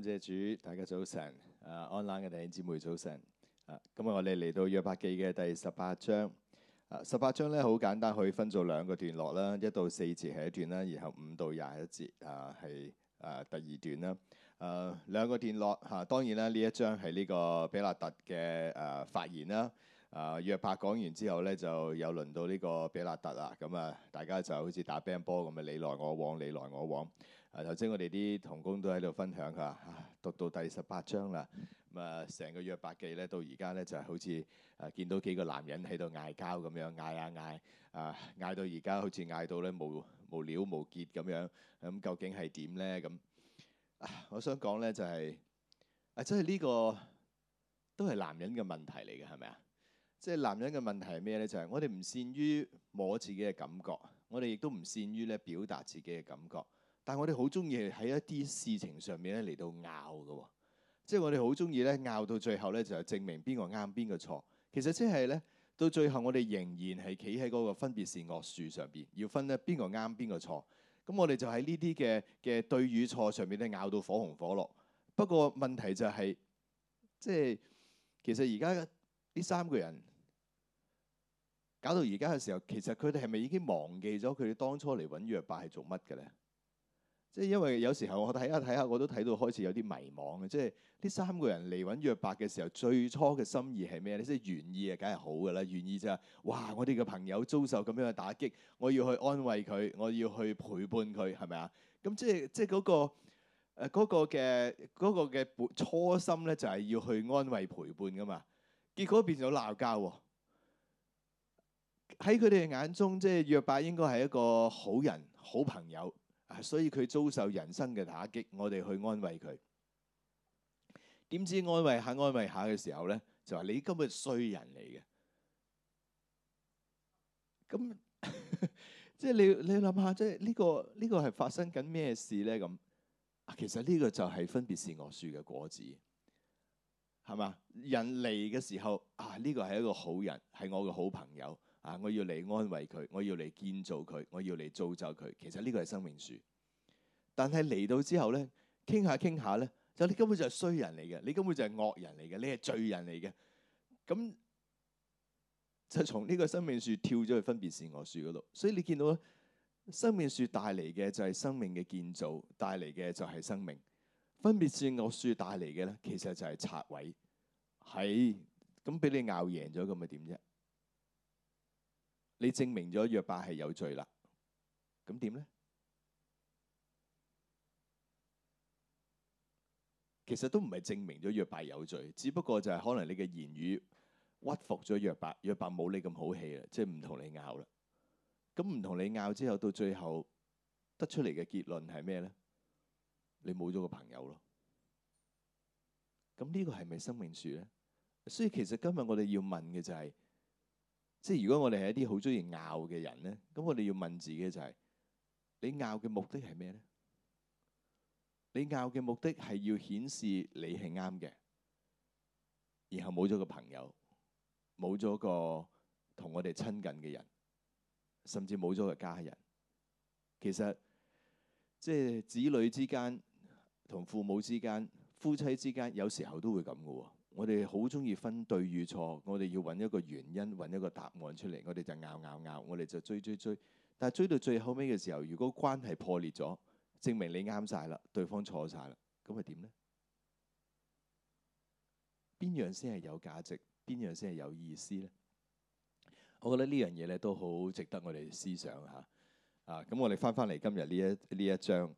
感謝主，大家早晨。誒 online 嘅弟兄姊妹早晨。誒，咁啊，今日我哋嚟到約伯記嘅第十八章。誒、啊，十八章咧好簡單，可以分做兩個段落啦。一到四節係一段啦，然後五到廿一節啊係誒、啊、第二段啦。誒、啊，兩個段落嚇、啊，當然啦，呢一章係呢個比拉特嘅誒發言啦。誒、啊，約伯講完之後咧，就又輪到呢個比拉特啦。咁啊，大家就好似打乒乓波咁啊，你來我往，你來我往。啊！頭先我哋啲同工都喺度分享，佢話嚇讀到第十八章啦。咁啊，成個約伯記咧，到而家咧就係好似啊，見到幾個男人喺度嗌交咁樣嗌啊嗌啊，嗌到而家好似嗌到咧無無了無結咁樣。咁、啊、究竟係點咧？咁啊，我想講咧就係、是、啊，即係呢個都係、啊、男人嘅問題嚟嘅，係咪啊？即係男人嘅問題係咩咧？就係、是、我哋唔善於摸自己嘅感覺，我哋亦都唔善於咧表達自己嘅感覺。但係我哋好中意喺一啲事情上面咧嚟到拗嘅，即係我哋好中意咧拗到最後咧，就係證明邊個啱邊個錯。其實即係咧，到最後我哋仍然係企喺嗰個分別善惡樹上邊，要分得邊個啱邊個錯。咁我哋就喺呢啲嘅嘅對與錯上面咧拗到火紅火綠。不過問題就係、是，即係其實而家呢三個人搞到而家嘅時候，其實佢哋係咪已經忘記咗佢哋當初嚟揾約伯係做乜嘅咧？即係因為有時候我睇下睇下，我都睇到開始有啲迷茫嘅。即係呢三個人嚟揾約伯嘅時候，最初嘅心意係咩咧？即係願意啊，梗係好噶啦，願意就係哇！我哋嘅朋友遭受咁樣嘅打擊，我要去安慰佢，我要去陪伴佢，係咪啊？咁即係即係嗰個誒嗰個嘅嗰個嘅初心咧，就係要去安慰陪伴噶嘛。結果變咗鬧交喎。喺佢哋眼中，即係約伯應該係一個好人、好朋友。啊！所以佢遭受人生嘅打擊，我哋去安慰佢。點知安慰下、安慰下嘅時候咧，就話你根本衰人嚟嘅。咁即係你你諗下，即係呢個呢、呢個係發生緊咩事咧？咁啊，其實呢個就係分別善惡樹嘅果子，係嘛？人嚟嘅時候啊，呢、呢個係一個好人，係我嘅好朋友啊！我要嚟安慰佢，我要嚟建造佢，我要嚟造就佢。其實呢個係生命樹。但係嚟到之後咧，傾下傾下咧，就你根本就係衰人嚟嘅，你根本就係惡人嚟嘅，你係罪人嚟嘅。咁就從呢個生命樹跳咗去分別善惡樹嗰度。所以你見到生命樹帶嚟嘅就係生命嘅建造，帶嚟嘅就係生命。分別善惡樹帶嚟嘅咧，其實就係拆毀，係咁俾你拗贏咗，咁咪點啫？你證明咗約伯係有罪啦，咁點咧？其實都唔係證明咗約伯有罪，只不過就係可能你嘅言語屈服咗約伯，約伯冇你咁好氣啦，即係唔同你拗啦。咁唔同你拗之後，到最後得出嚟嘅結論係咩咧？你冇咗個朋友咯。咁呢個係咪生命樹咧？所以其實今日我哋要問嘅就係、是，即係如果我哋係一啲好鍾意拗嘅人咧，咁我哋要問自己就係、是：你拗嘅目的係咩咧？你拗嘅目的係要顯示你係啱嘅，然後冇咗個朋友，冇咗個同我哋親近嘅人，甚至冇咗個家人。其實即係子女之間、同父母之間、夫妻之間，有時候都會咁噶喎。我哋好中意分對與錯，我哋要揾一個原因、揾一個答案出嚟，我哋就拗拗拗，我哋就追追追。但係追到最後尾嘅時候，如果關係破裂咗。證明你啱晒啦，對方錯晒啦，咁係點呢？邊樣先係有價值？邊樣先係有意思呢？我覺得呢樣嘢咧都好值得我哋思想嚇啊。咁我哋翻翻嚟今日呢一呢一章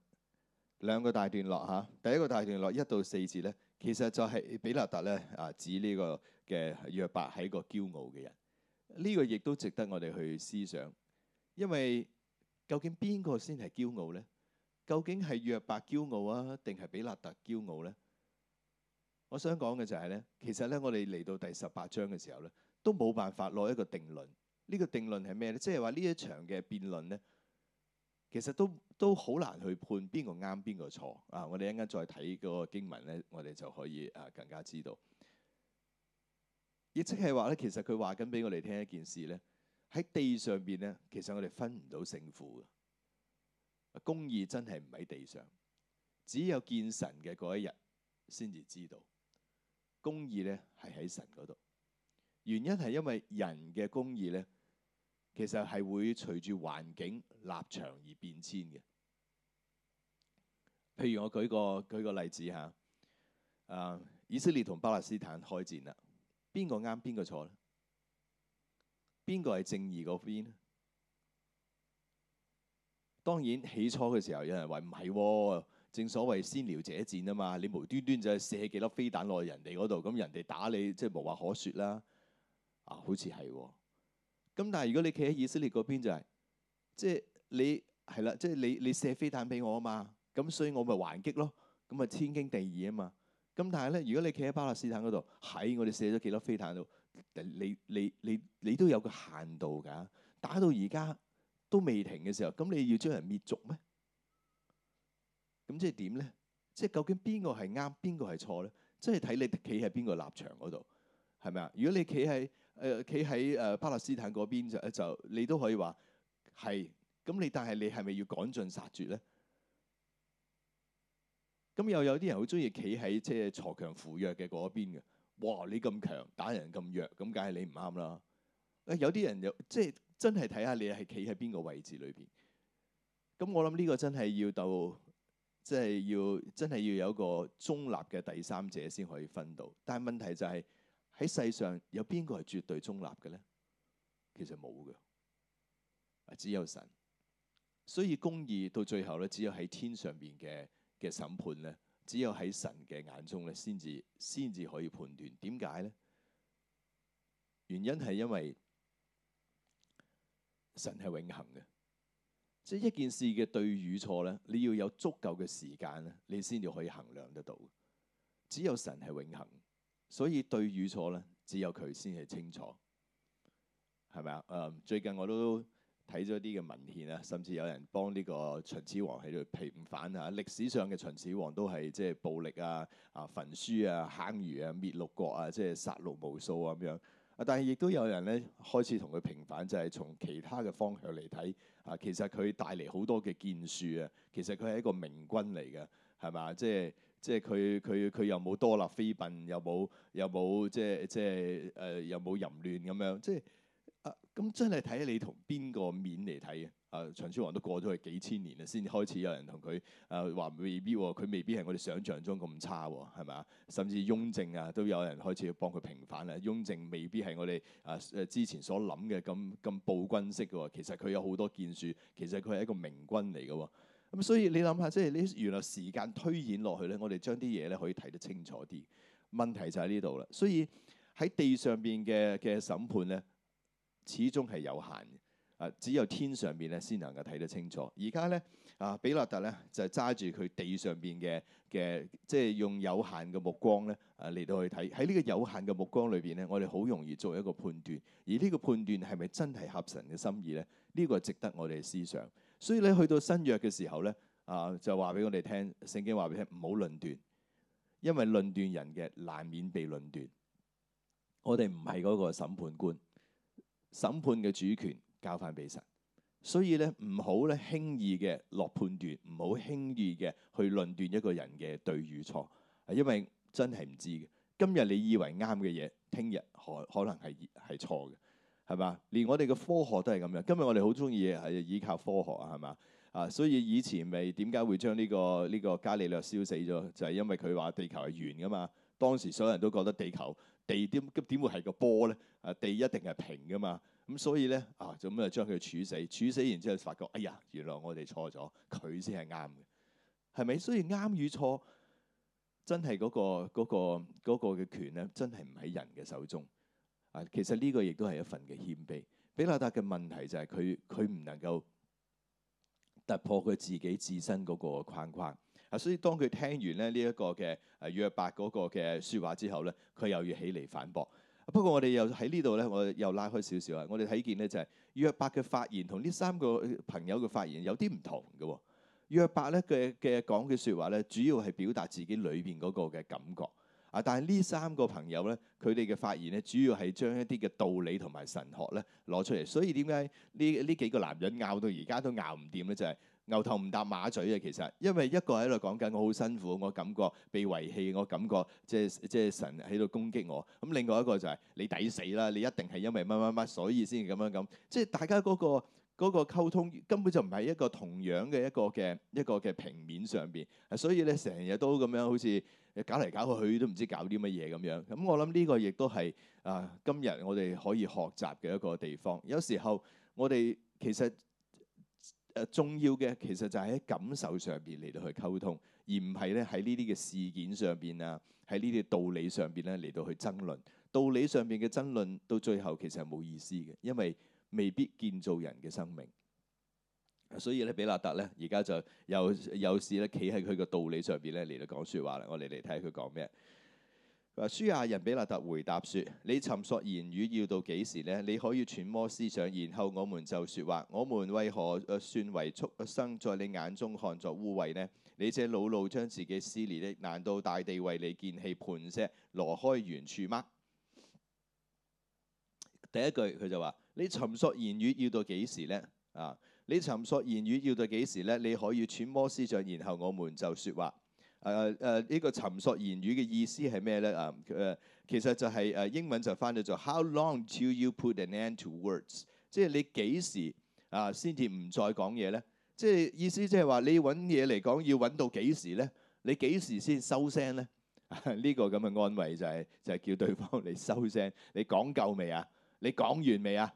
兩個大段落嚇、啊。第一個大段落一到四節咧，其實就係比納達咧啊，指呢個嘅約伯係一個驕傲嘅人。呢、呢個亦都值得我哋去思想，因為究竟邊個先係驕傲呢？究竟係約伯驕傲啊，定係比拿特驕傲呢？我想講嘅就係呢。其實呢，我哋嚟到第十八章嘅時候呢，都冇辦法落一個定論。呢個定論係咩呢？即係話呢一場嘅辯論呢，其實都都好難去判邊個啱邊個錯啊！我哋一陣間再睇嗰個經文呢，我哋就可以啊更加知道。亦即係話呢，其實佢話緊俾我哋聽一件事呢，喺地上邊呢，其實我哋分唔到勝負嘅。公義真係唔喺地上，只有見神嘅嗰一日先至知道公義呢係喺神嗰度。原因係因為人嘅公義呢，其實係會隨住環境立場而變遷嘅。譬如我舉個舉個例子吓，啊，以色列同巴勒斯坦開戰啦，邊個啱邊個錯咧？邊個係正義嗰邊？當然起初嘅時候，有人話唔係，正所謂先撩者賤啊嘛。你無端端就係射幾粒飛彈落去人哋嗰度，咁人哋打你即係無話可説啦。啊，好似係、哦。咁但係如果你企喺以色列嗰邊就係、是，即、就、係、是、你係啦，即係、就是、你你射飛彈俾我啊嘛。咁所以我咪還擊咯。咁咪天經地義啊嘛。咁但係咧，如果你企喺巴勒斯坦嗰度，喺我哋射咗幾粒飛彈度，你你你你都有個限度㗎。打到而家，都未停嘅時候，咁你要將人滅族咩？咁即係點咧？即係究竟邊個係啱，邊個係錯咧？即係睇你企喺邊個立場嗰度，係咪啊？如果你企喺誒企喺誒巴勒斯坦嗰邊就就你都可以話係，咁你但係你係咪要趕盡殺絕咧？咁又有啲人好中意企喺即係鋤強扶弱嘅嗰邊嘅，哇！你咁強打人咁弱，咁梗係你唔啱啦。誒，有啲人又即係。真係睇下你係企喺邊個位置裏邊，咁我諗呢個真係要到，即係要真係要有一個中立嘅第三者先可以分到。但係問題就係，喺世上有邊個係絕對中立嘅呢？其實冇嘅，只有神。所以公義到最後咧，只有喺天上邊嘅嘅審判咧，只有喺神嘅眼中咧先至先至可以判斷。點解呢？原因係因為。神係永恆嘅，即係一件事嘅對與錯咧，你要有足夠嘅時間咧，你先至可以衡量得到。只有神係永恆，所以對與錯咧，只有佢先係清楚，係咪啊？誒，最近我都睇咗啲嘅文獻啊，甚至有人幫呢個秦始皇喺度平反啊。歷史上嘅秦始皇都係即係暴力啊、啊焚書啊、坑儒啊、滅六國啊，即係殺戮無數啊咁樣。但係亦都有人咧，開始同佢平反，就係、是、從其他嘅方向嚟睇，啊，其實佢帶嚟好多嘅建樹啊，其實佢係一個明君嚟嘅，係嘛？即係即係佢佢佢又冇多立妃嬪，又冇又冇即係即係誒，又、呃、冇淫亂咁樣，即係。咁、啊、真係睇你同邊個面嚟睇嘅？啊，秦始皇都過咗去幾千年啦，先開始有人同佢啊話未必，佢未必係我哋想象中咁差，係咪啊？甚至雍正啊，都有人開始要幫佢平反啦。雍正未必係我哋啊，啊之前所諗嘅咁咁暴君式嘅，其實佢有好多建樹，其實佢係一個明君嚟嘅。咁、啊、所以你諗下，即係呢原來時間推演落去咧，我哋將啲嘢咧可以睇得清楚啲。問題就喺呢度啦。所以喺地上邊嘅嘅審判咧，始終係有限嘅啊！只有天上邊咧，先能夠睇得清楚。而家咧啊，比勒達咧就係揸住佢地上邊嘅嘅，即係用有限嘅目光咧啊嚟到去睇。喺呢個有限嘅目光裏邊咧，我哋好容易做一個判斷。而呢個判斷係咪真係合神嘅心意咧？呢、這個值得我哋思想。所以你去到新約嘅時候咧啊，就話俾我哋聽，聖經話俾你聽，唔好論斷，因為論斷人嘅難免被論斷。我哋唔係嗰個審判官。審判嘅主權交翻俾神，所以咧唔好咧輕易嘅落判斷，唔好輕易嘅去論斷一個人嘅對與錯，因為真係唔知嘅。今日你以為啱嘅嘢，聽日可可能係係錯嘅，係嘛？連我哋嘅科學都係咁樣。今日我哋好中意係依靠科學啊，係嘛？啊，所以以前咪點解會將呢個呢個伽利略燒死咗？就係因為佢話地球係圓噶嘛。當時所有人都覺得地球。地點咁點會係個波咧？啊，地一定係平噶嘛，咁所以咧啊，咁啊將佢處死，處死完之後發覺，哎呀，原來我哋錯咗，佢先係啱嘅，係咪？所以啱與錯真係嗰個嗰個嗰個嘅權咧，真係唔喺人嘅手中啊！其實呢個亦都係一份嘅謙卑。比拉達嘅問題就係佢佢唔能夠突破佢自己自身嗰個框框。啊！所以當佢聽完咧呢一個嘅約伯嗰個嘅説話之後咧，佢又要起嚟反駁。不過我哋又喺呢度咧，我又拉開少少啊！我哋睇見咧就係約伯嘅發言同呢三個朋友嘅發言有啲唔同嘅。約伯咧嘅嘅講嘅説話咧，主要係表達自己裏邊嗰個嘅感覺。啊！但係呢三個朋友咧，佢哋嘅發言咧，主要係將一啲嘅道理同埋神學咧攞出嚟。所以點解呢呢幾個男人拗到而家都拗唔掂咧？就係，牛頭唔搭馬嘴呀，其實因為一個喺度講緊，我好辛苦，我感覺被遺棄，我感覺即係即係神喺度攻擊我。咁另外一個就係你抵死啦，你一定係因為乜乜乜，所以先咁樣咁。即係大家嗰個嗰個溝通根本就唔係一個同樣嘅一個嘅一個嘅平面上邊。所以咧，成日都咁樣好似搞嚟搞去都唔知搞啲乜嘢咁樣。咁我諗呢個亦都係啊，今日我哋可以學習嘅一個地方。有時候我哋其實重要嘅其實就係喺感受上邊嚟到去溝通，而唔係咧喺呢啲嘅事件上邊啊，喺呢啲道理上邊咧嚟到去爭論。道理上邊嘅爭論，到最後其實係冇意思嘅，因為未必建造人嘅生命。所以咧，比勒達咧，而家就有有時咧，企喺佢嘅道理上邊咧嚟到講說話啦。我哋嚟睇下佢講咩。誒，書亞人比勒特回答說：你尋索言語要到幾時呢？你可以揣摩思想，然後我們就説話。我們為何算為畜生，在你眼中看作污穢呢？你這惱怒將自己撕裂的，難道大地為你見棄磐石挪開原處嗎？第一句佢就話：你尋索言語要到幾時呢？啊，你尋索言語要到幾時呢？你可以揣摩思想，然後我們就説話。誒，誒，呢個尋索言語嘅意思係咩咧？啊，其實就係誒，英文就翻到做 How long till you put an end to words？即係你幾時啊先至唔再講嘢咧？即係意思即係話你揾嘢嚟講要揾到幾時咧？你幾時先收聲咧？呢個咁嘅安慰就係，就係叫對方嚟收聲。你講夠未啊？你講完未啊？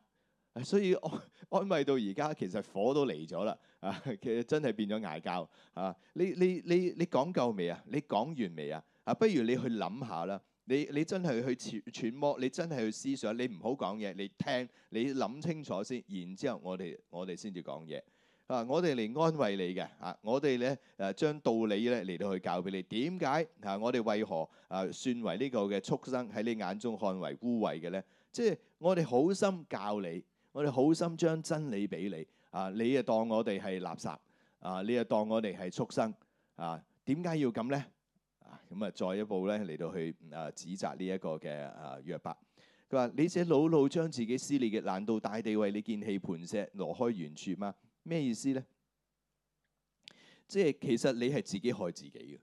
所以安安慰到而家，其實火都嚟咗啦。啊，其實真係變咗嗌交。啊，你你你你講夠未啊？你講完未啊？啊，不如你去諗下啦。你你真係去揣揣摩，你真係去思想。你唔好講嘢，你聽，你諗清楚先。然之後我哋我哋先至講嘢。啊，我哋嚟安慰你嘅。啊，我哋咧誒將道理咧嚟到去教俾你。點解啊？我哋為何啊算為呢個嘅畜生喺你眼中看為污穢嘅咧？即係我哋好心教你。我哋好心將真理俾你啊，你又當我哋係垃圾啊，你又當我哋係畜生啊？點解要咁咧？啊，咁啊，再一步咧嚟到去啊，指責呢一個嘅啊約伯，佢話你這惱怒將自己撕裂嘅難道大地為你見棄磐石挪開原處嗎？咩意思咧？即係其實你係自己害自己嘅，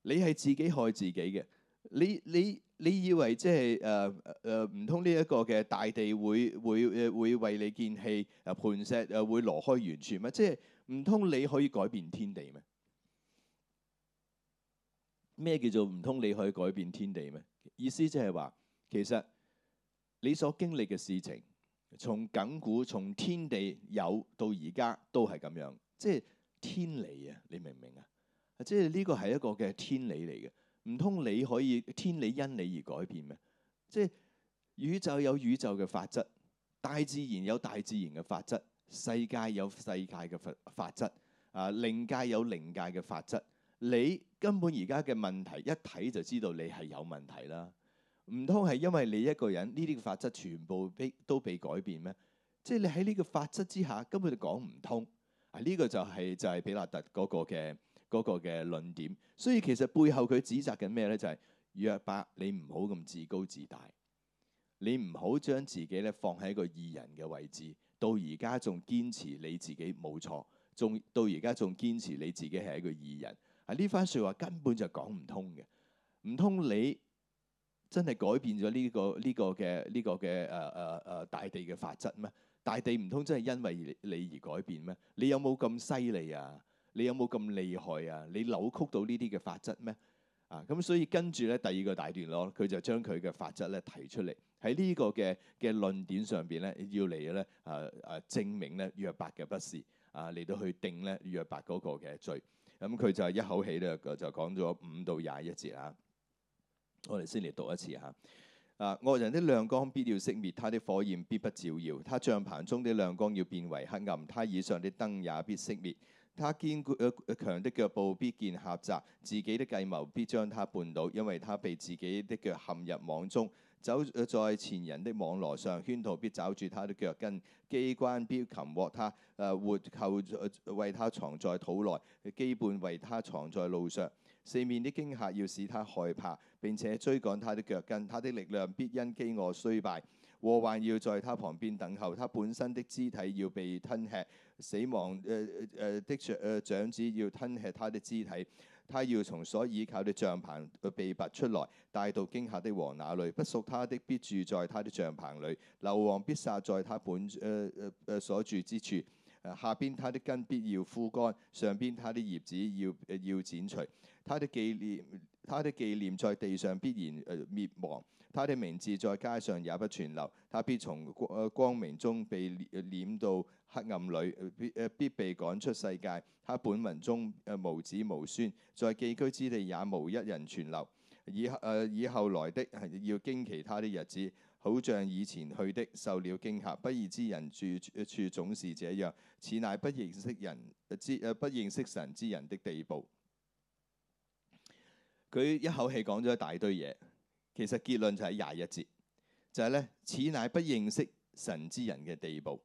你係自己害自己嘅，你你。你以為即係，誒誒唔通呢一個嘅大地會會誒會為你見棄，誒磐石誒會挪開完全咩？即係唔通你可以改變天地咩？咩叫做唔通你可以改變天地咩？意思即係話，其實你所經歷嘅事情，從亙古，從天地有到而家都係咁樣，即係天理啊！你明唔明啊？即係呢個係一個嘅天理嚟嘅。唔通你可以天理因你而改變咩？即係宇宙有宇宙嘅法則，大自然有大自然嘅法則，世界有世界嘅法法則，啊靈界有靈界嘅法則。你根本而家嘅問題一睇就知道你係有問題啦。唔通係因為你一個人呢啲嘅法則全部都被都被改變咩？即係你喺呢個法則之下根本就講唔通。啊呢、這個就係、是、就係、是、比勒達嗰個嘅。嗰個嘅論點，所以其實背後佢指責緊咩咧？就係約伯，你唔好咁自高自大，你唔好將自己咧放喺一個義人嘅位置，到而家仲堅持你自己冇錯，仲到而家仲堅持你自己係一個義人。啊！呢番説話根本就講唔通嘅，唔通你真係改變咗呢個呢個嘅呢個嘅誒誒誒大地嘅法則咩？大地唔通真係因為你而改變咩？你有冇咁犀利啊？你有冇咁厲害啊？你扭曲到呢啲嘅法則咩啊？咁所以跟住咧，第二個大段落，佢就將佢嘅法則咧提出嚟喺呢個嘅嘅論點上邊咧，要嚟咧啊啊，啊證明咧約伯嘅不是啊，嚟、啊、到去定咧約伯嗰個嘅罪咁。佢、啊、就一口氣咧就講咗五到廿一節啊。我哋先嚟讀一次嚇啊！惡人的亮光必要熄滅，他啲火焰必不照耀；他帳棚中的亮光要變為黑暗，他以上的燈也必熄滅。他堅固強的腳步必見狹窄，自己的計謀必將他絆倒，因為他被自己的腳陷入網中，走在前人的網羅上，圈套必抓住他的腳跟，機關必擒獲他，活扣為他藏在肚內，羈絆為他藏在路上，四面的驚嚇要使他害怕，並且追趕他的腳跟，他的力量必因飢餓衰敗。禍患要在他旁邊等候，他本身的肢體要被吞吃，死亡的長子要吞吃他的肢體，他要從所倚靠的帳篷被拔出來，帶到驚嚇的王那裏。不屬他的必住在他的帳篷裏，硫磺必殺在他本、呃、所住之處。下邊他的根必要枯乾，上邊他的葉子要、呃、要剪除，他的紀念他的紀念在地上必然誒滅亡。他的名字在街上也不存留，他必從光明中被攆到黑暗裏，必被趕出世界。他本民中無子無孫，在寄居之地也無一人存留。以誒以後來的要驚奇他的日子，好像以前去的受了驚嚇。不義之人住處總是這樣，此乃不認識人之不認識神之人的地步。佢一口氣講咗一大堆嘢。其實結論就係廿一節，就係、是、咧此乃不認識神之人嘅地步，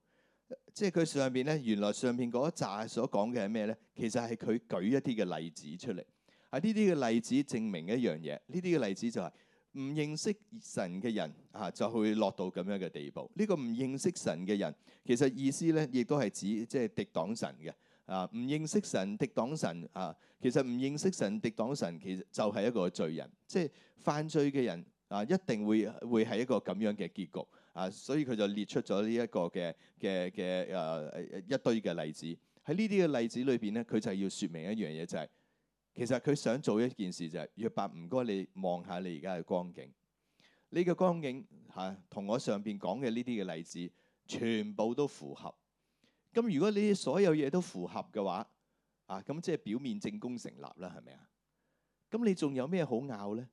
即係佢上邊咧原來上邊嗰一扎所講嘅係咩咧？其實係佢舉一啲嘅例子出嚟，喺呢啲嘅例子證明一樣嘢，呢啲嘅例子就係唔認識神嘅人啊，就會落到咁樣嘅地步。呢、這個唔認識神嘅人，其實意思咧亦都係指即係敵擋神嘅。啊！唔認識神，敵擋神啊！其實唔認識神，敵擋神，其實就係一個罪人，即係犯罪嘅人啊！一定會會係一個咁樣嘅結局啊！所以佢就列出咗呢一個嘅嘅嘅誒一堆嘅例子。喺呢啲嘅例子裏邊咧，佢就要説明一樣嘢，就係、是、其實佢想做一件事、就是，就係約伯唔該你望下你而家嘅光景。呢個光景吓同、啊、我上邊講嘅呢啲嘅例子全部都符合。咁如果你所有嘢都符合嘅話，啊，咁即係表面證供成立啦，係咪啊？咁你仲有咩好拗咧？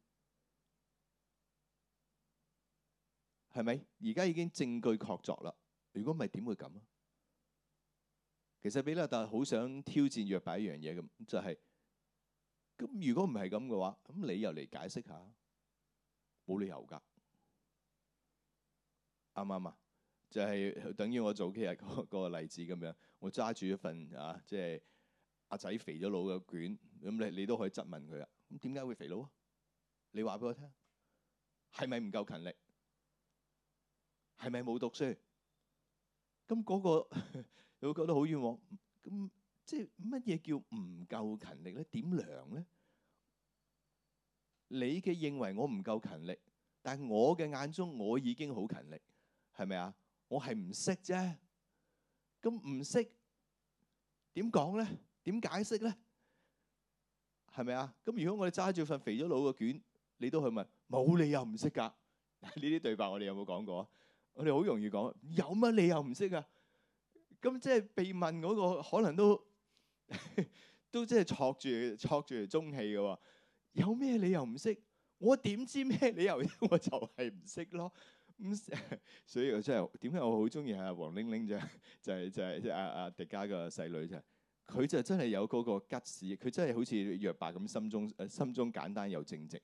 係咪？而家已經證據確鑿啦。如果唔係點會咁啊？其實比勒達好想挑戰約伯一樣嘢咁，就係咁。如果唔係咁嘅話，咁理由嚟解釋下，冇理由噶，啱唔啱啊？就係等於我早幾日嗰嗰個例子咁樣，我揸住一份啊，即係阿仔肥咗佬嘅卷，咁你你都可以質問佢，咁點解會肥佬啊？你話俾我聽，係咪唔夠勤力？係咪冇讀書？咁嗰個你會覺得好冤枉，咁即係乜嘢叫唔夠勤力咧？點量咧？你嘅認為我唔夠勤力，但係我嘅眼中，我已經好勤力，係咪啊？我係唔識啫，咁唔識點講咧？點解釋咧？係咪啊？咁如果我哋揸住份肥咗佬嘅卷，你都去問，冇理由唔識噶。呢啲對白我哋有冇講過啊？我哋好容易講，有乜理由唔識噶？咁即係被問嗰個可能都都即係挫住挫住中氣嘅喎。有咩理由唔識？我點知咩理由？我就係唔識咯。咁 所以我真係點解我好中意係阿黃玲玲啫，就係、是、就係即係阿阿迪加個細女啫。佢就真係有嗰個吉士，佢真係好似約伯咁，心中、啊、心中簡單又正直。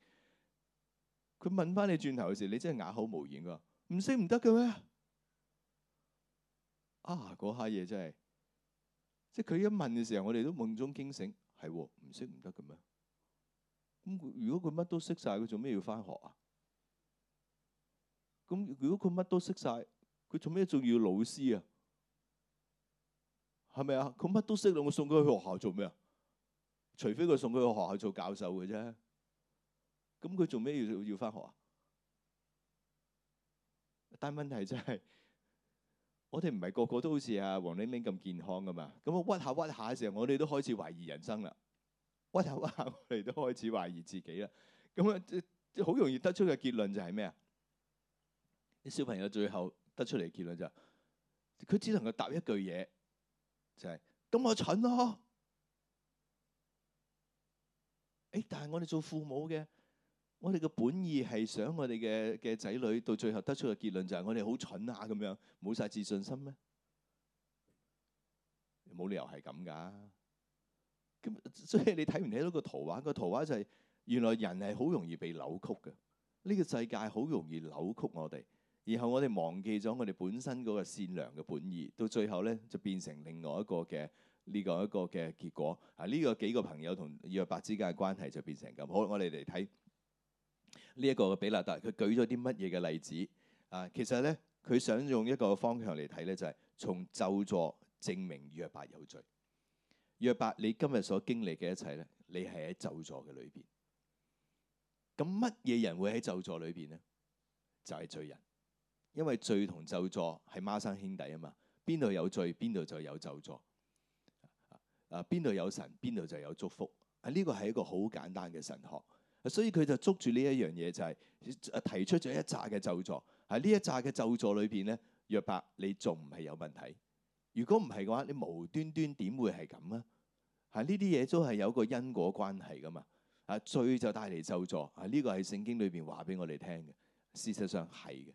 佢問返你轉頭嘅時，你真係啞口無言㗎。唔識唔得嘅咩？啊，嗰下嘢真係，即係佢一問嘅時候，我哋都夢中驚醒，係喎，唔識唔得嘅咩？咁如果佢乜都識晒，佢做咩要返學啊？咁如果佢乜都識晒，佢做咩仲要老師啊？係咪啊？佢乜都識到，我送佢去學校做咩啊？除非佢送佢去學校做教授嘅啫。咁佢做咩要要返學啊？但問題真係，我哋唔係個個都好似阿黃玲玲咁健康噶嘛。咁啊，屈下屈下嘅時候，我哋都開始懷疑人生啦。屈下屈下，我哋都開始懷疑自己啦。咁啊，好容易得出嘅結論就係咩啊？啲小朋友最後得出嚟結論就佢只能夠答一句嘢，就係咁我蠢咯。誒，但係我哋做父母嘅，我哋嘅本意係想我哋嘅嘅仔女到最後得出嘅結論就係我哋好蠢啊，咁樣冇晒自信心咩？冇理由係咁噶。咁所以你睇唔睇到個圖畫？個圖畫就係原來人係好容易被扭曲嘅，呢個世界好容易扭曲我哋。然後我哋忘記咗我哋本身嗰個善良嘅本意，到最後咧就變成另外一個嘅呢、這個一個嘅結果。啊，呢個幾個朋友同約伯之間嘅關係就變成咁。好，我哋嚟睇呢一個嘅比勒達，佢舉咗啲乜嘢嘅例子啊？其實咧，佢想用一個方向嚟睇咧，就係、是、從咒詛證明約伯有罪。約伯，你今日所經歷嘅一切咧，你係喺咒詛嘅裏邊。咁乜嘢人會喺咒詛裏邊咧？就係、是、罪人。因為罪同咒詛係孖生兄弟啊嘛，邊度有罪，邊度就有咒詛，啊，邊度有神，邊度就有祝福。係呢個係一個好簡單嘅神學。所以佢就捉住呢一樣嘢，就係、是、提出咗一扎嘅咒詛。喺呢一扎嘅咒詛裏邊咧，約伯你仲唔係有問題？如果唔係嘅話，你無端端點會係咁啊？嚇呢啲嘢都係有個因果關係㗎嘛。啊，罪就帶嚟咒詛，啊，呢個係聖經裏邊話俾我哋聽嘅，事實上係嘅。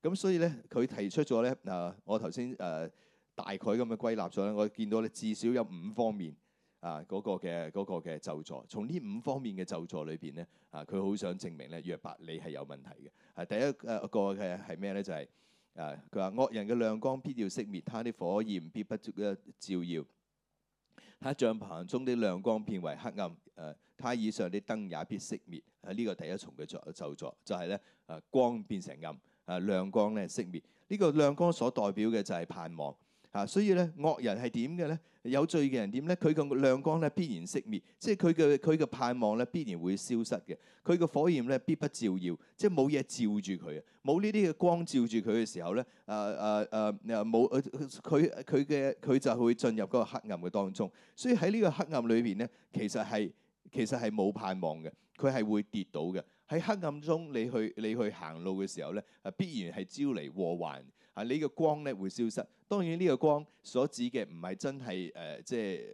咁所以咧，佢提出咗咧，啊，我頭先誒大概咁嘅歸納咗咧，我見到咧至少有五方面啊嗰個嘅嗰個嘅咒詛，從呢五方面嘅咒詛裏邊咧，啊，佢好想證明咧，約伯你係有問題嘅。啊，第一個嘅係咩咧？就係、誒、啊，佢話惡人嘅亮光必要熄滅，他啲火焰必不足以照耀，黑帳篷中啲亮光變為黑暗，誒，他以上啲燈也必熄滅。啊，呢個第一重嘅咒咒詛就係咧，啊，光變成暗。啊，亮光咧熄滅，呢個亮光所代表嘅就係盼望，嚇，所以咧惡人係點嘅咧？有罪嘅人點咧？佢個亮光咧必然熄滅，即係佢嘅佢嘅盼望咧必然會消失嘅。佢嘅火焰咧必不照耀，即係冇嘢照住佢，冇呢啲嘅光照住佢嘅時候咧，誒誒誒，冇佢佢佢嘅佢就會進入嗰個黑暗嘅當中。所以喺呢個黑暗裏邊咧，其實係其實係冇盼望嘅，佢係會跌倒嘅。喺黑暗中，你去你去行路嘅時候咧，啊必然係招嚟禍患啊！你嘅光咧會消失。當然呢個光所指嘅唔係真係誒、呃，即係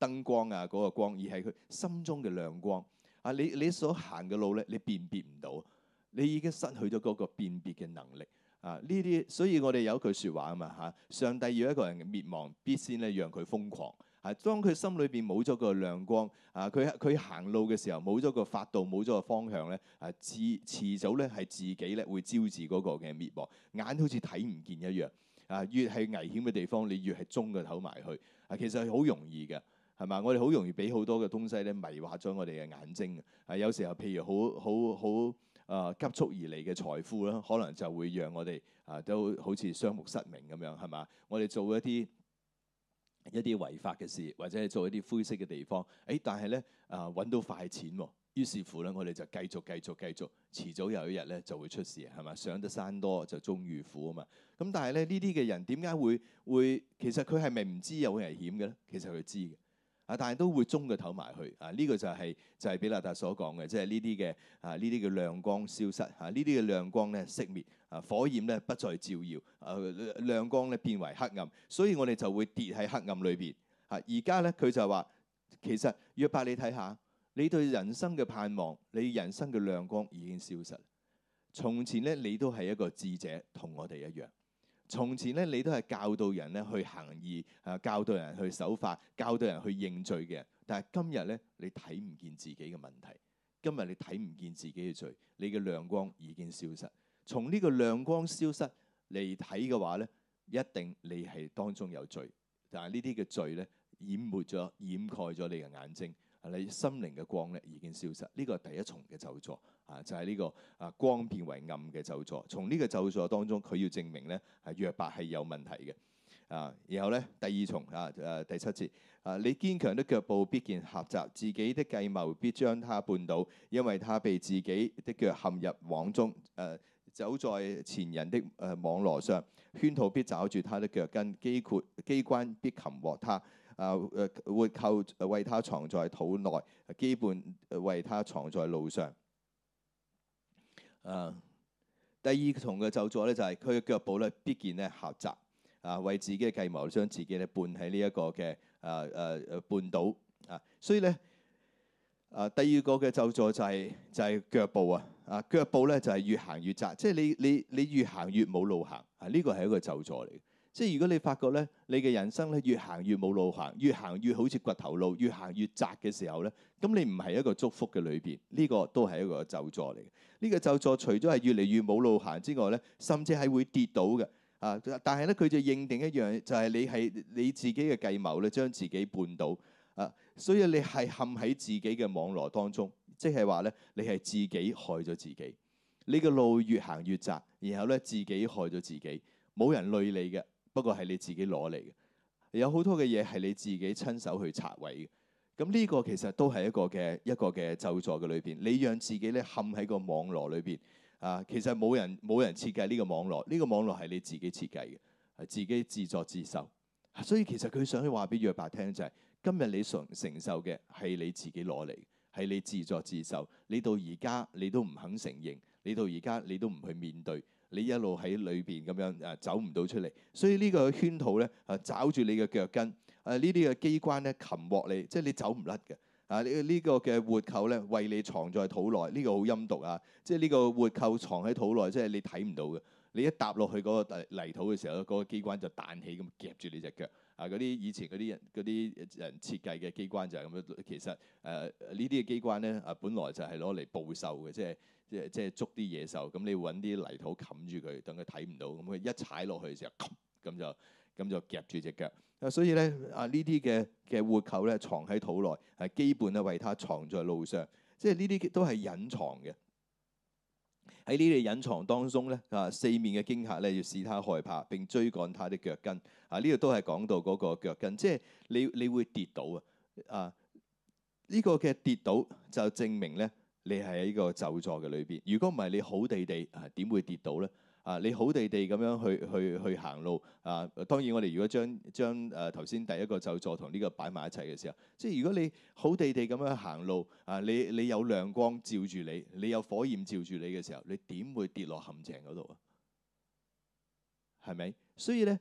燈光啊嗰個光，而係佢心中嘅亮光啊！你你所行嘅路咧，你辨別唔到，你已經失去咗嗰個辨別嘅能力啊！呢啲，所以我哋有一句説話啊嘛嚇，上帝要一個人滅亡，必先咧讓佢瘋狂。啊！當佢心裏邊冇咗個亮光，啊佢佢行路嘅時候冇咗個法度，冇咗個方向咧，啊遲遲早咧係自己咧會招致嗰個嘅滅亡，眼好似睇唔見一樣。啊，越係危險嘅地方，你越係中個頭埋去。啊，其實係好容易嘅，係嘛？我哋好容易俾好多嘅東西咧迷惑咗我哋嘅眼睛。啊，有時候譬如好好好啊急速而嚟嘅財富啦，可能就會讓我哋啊都好似雙目失明咁樣，係嘛？我哋做一啲。一啲違法嘅事，或者係做一啲灰色嘅地方，誒、哎，但係咧，啊揾到快錢喎、啊，於是乎咧，我哋就繼續繼續繼續，遲早有一日咧就會出事，係咪？上得山多就終遇虎啊嘛，咁、嗯、但係咧呢啲嘅人點解會會？其實佢係咪唔知有危險嘅咧？其實佢知嘅。啊！但係都會中個頭埋去啊！呢個就係就係比勒達所講嘅，即係呢啲嘅啊，呢啲嘅亮光消失啊，呢啲嘅亮光咧熄滅啊，火焰咧不再照耀啊，亮光咧變為黑暗，所以我哋就會跌喺黑暗裏邊啊！而家咧佢就話，其實約伯你睇下，你對人生嘅盼望，你人生嘅亮光已經消失。從前咧，你都係一個智者，同我哋一樣。從前咧，你都係教導人咧去行義，啊，教導人去守法，教導人去認罪嘅。但係今日咧，你睇唔見自己嘅問題，今日你睇唔見自己嘅罪，你嘅亮光已經消失。從呢個亮光消失嚟睇嘅話咧，一定你係當中有罪。但係呢啲嘅罪咧，淹沒咗、掩蓋咗你嘅眼睛。你心靈嘅光咧，已經消失，呢個係第一重嘅咒詛，啊，就係、是、呢個啊，光變為暗嘅咒詛。從呢個咒詛當中，佢要證明咧，約伯係有問題嘅啊。然後咧，第二重啊，誒第七節啊，你堅強的腳步必見狹窄，自己的計謀必將他絆倒，因為他被自己的腳陷入網中。誒、呃，走在前人的誒網羅上，圈套必抓住他的腳跟，機括機關必擒獲他。啊誒活扣為他藏在土內，羈絆為他藏在路上。啊，第二重嘅咒詛咧就係佢嘅腳步咧必然呢狹窄。啊，為自己嘅計謀將自己咧絆喺呢一個嘅啊誒誒絆倒。啊，所以咧啊第二個嘅咒詛就係就係、是就是、腳步啊啊腳步咧就係、是、越行越窄，即、就、係、是、你你你，你越行越冇路行。啊，呢個係一個咒詛嚟。即係如果你發覺咧，你嘅人生咧越行越冇路行，越行越好似掘頭路，越行越窄嘅時候咧，咁你唔係一個祝福嘅裏邊，呢個都係一個咒詛嚟。呢個咒詛除咗係越嚟越冇路行之外咧，甚至係會跌倒嘅。啊，但係咧佢就認定一樣，就係你係你自己嘅計謀咧，將自己絆倒啊。所以你係陷喺自己嘅網絡當中，即係話咧，你係自己害咗自己。你個路越行越窄，然後咧自己害咗自己，冇人累你嘅。不過係你自己攞嚟嘅，有好多嘅嘢係你自己親手去拆毀嘅。咁呢個其實都係一個嘅一個嘅咒詛嘅裏邊，你讓自己咧陷喺個網絡裏邊啊！其實冇人冇人設計呢個網絡，呢個網絡係你自己設計嘅，係自己自作自受。所以其實佢想去話俾約伯聽就係：今日你承承受嘅係你自己攞嚟，係你自作自受。你到而家你都唔肯承認，你到而家你都唔去面對。你一路喺裏邊咁樣誒，走唔到出嚟，所以呢個圈套咧，誒，抓住你嘅腳跟，誒，呢啲嘅機關咧，擒獲你，即係你走唔甩嘅。啊，呢、呢、呢個嘅活扣咧，為你藏在土內，呢、呢個好陰毒啊！即係呢個活扣藏喺土內，即係你睇唔到嘅。你一踏落去嗰個泥土嘅時候，嗰、嗰個機關就彈起咁夾住你隻腳。啊，嗰啲以前嗰啲人嗰啲人設計嘅機關就係咁樣。其實誒，呢啲嘅機關咧，啊，本來就係攞嚟報仇嘅，即係。即即捉啲野獸，咁你揾啲泥土冚住佢，等佢睇唔到，咁佢一踩落去嘅時候，咁就咁就夾住隻腳、 啊。所以咧啊，呢啲嘅嘅活扣咧藏喺土內，係基本咧為他藏在路上。即係呢啲都係隱藏嘅。喺呢啲隱藏當中咧，啊，四面嘅驚嚇咧，要使他害怕並追趕他的腳跟。啊，呢度都係講到嗰個腳跟，即係你你會跌倒啊！啊、這、呢個嘅跌倒就證明咧，你係喺呢個就座嘅裏邊，如果唔係你好地地啊，點會跌倒咧？啊，你好地地咁樣去去去行路啊！當然我哋如果將將誒頭先第一個就座同呢個擺埋一齊嘅時候，即係如果你好地地咁樣行路啊，你你有亮光照住你，你有火焰照住你嘅時候，你點會跌落陷阱嗰度啊？係咪？所以咧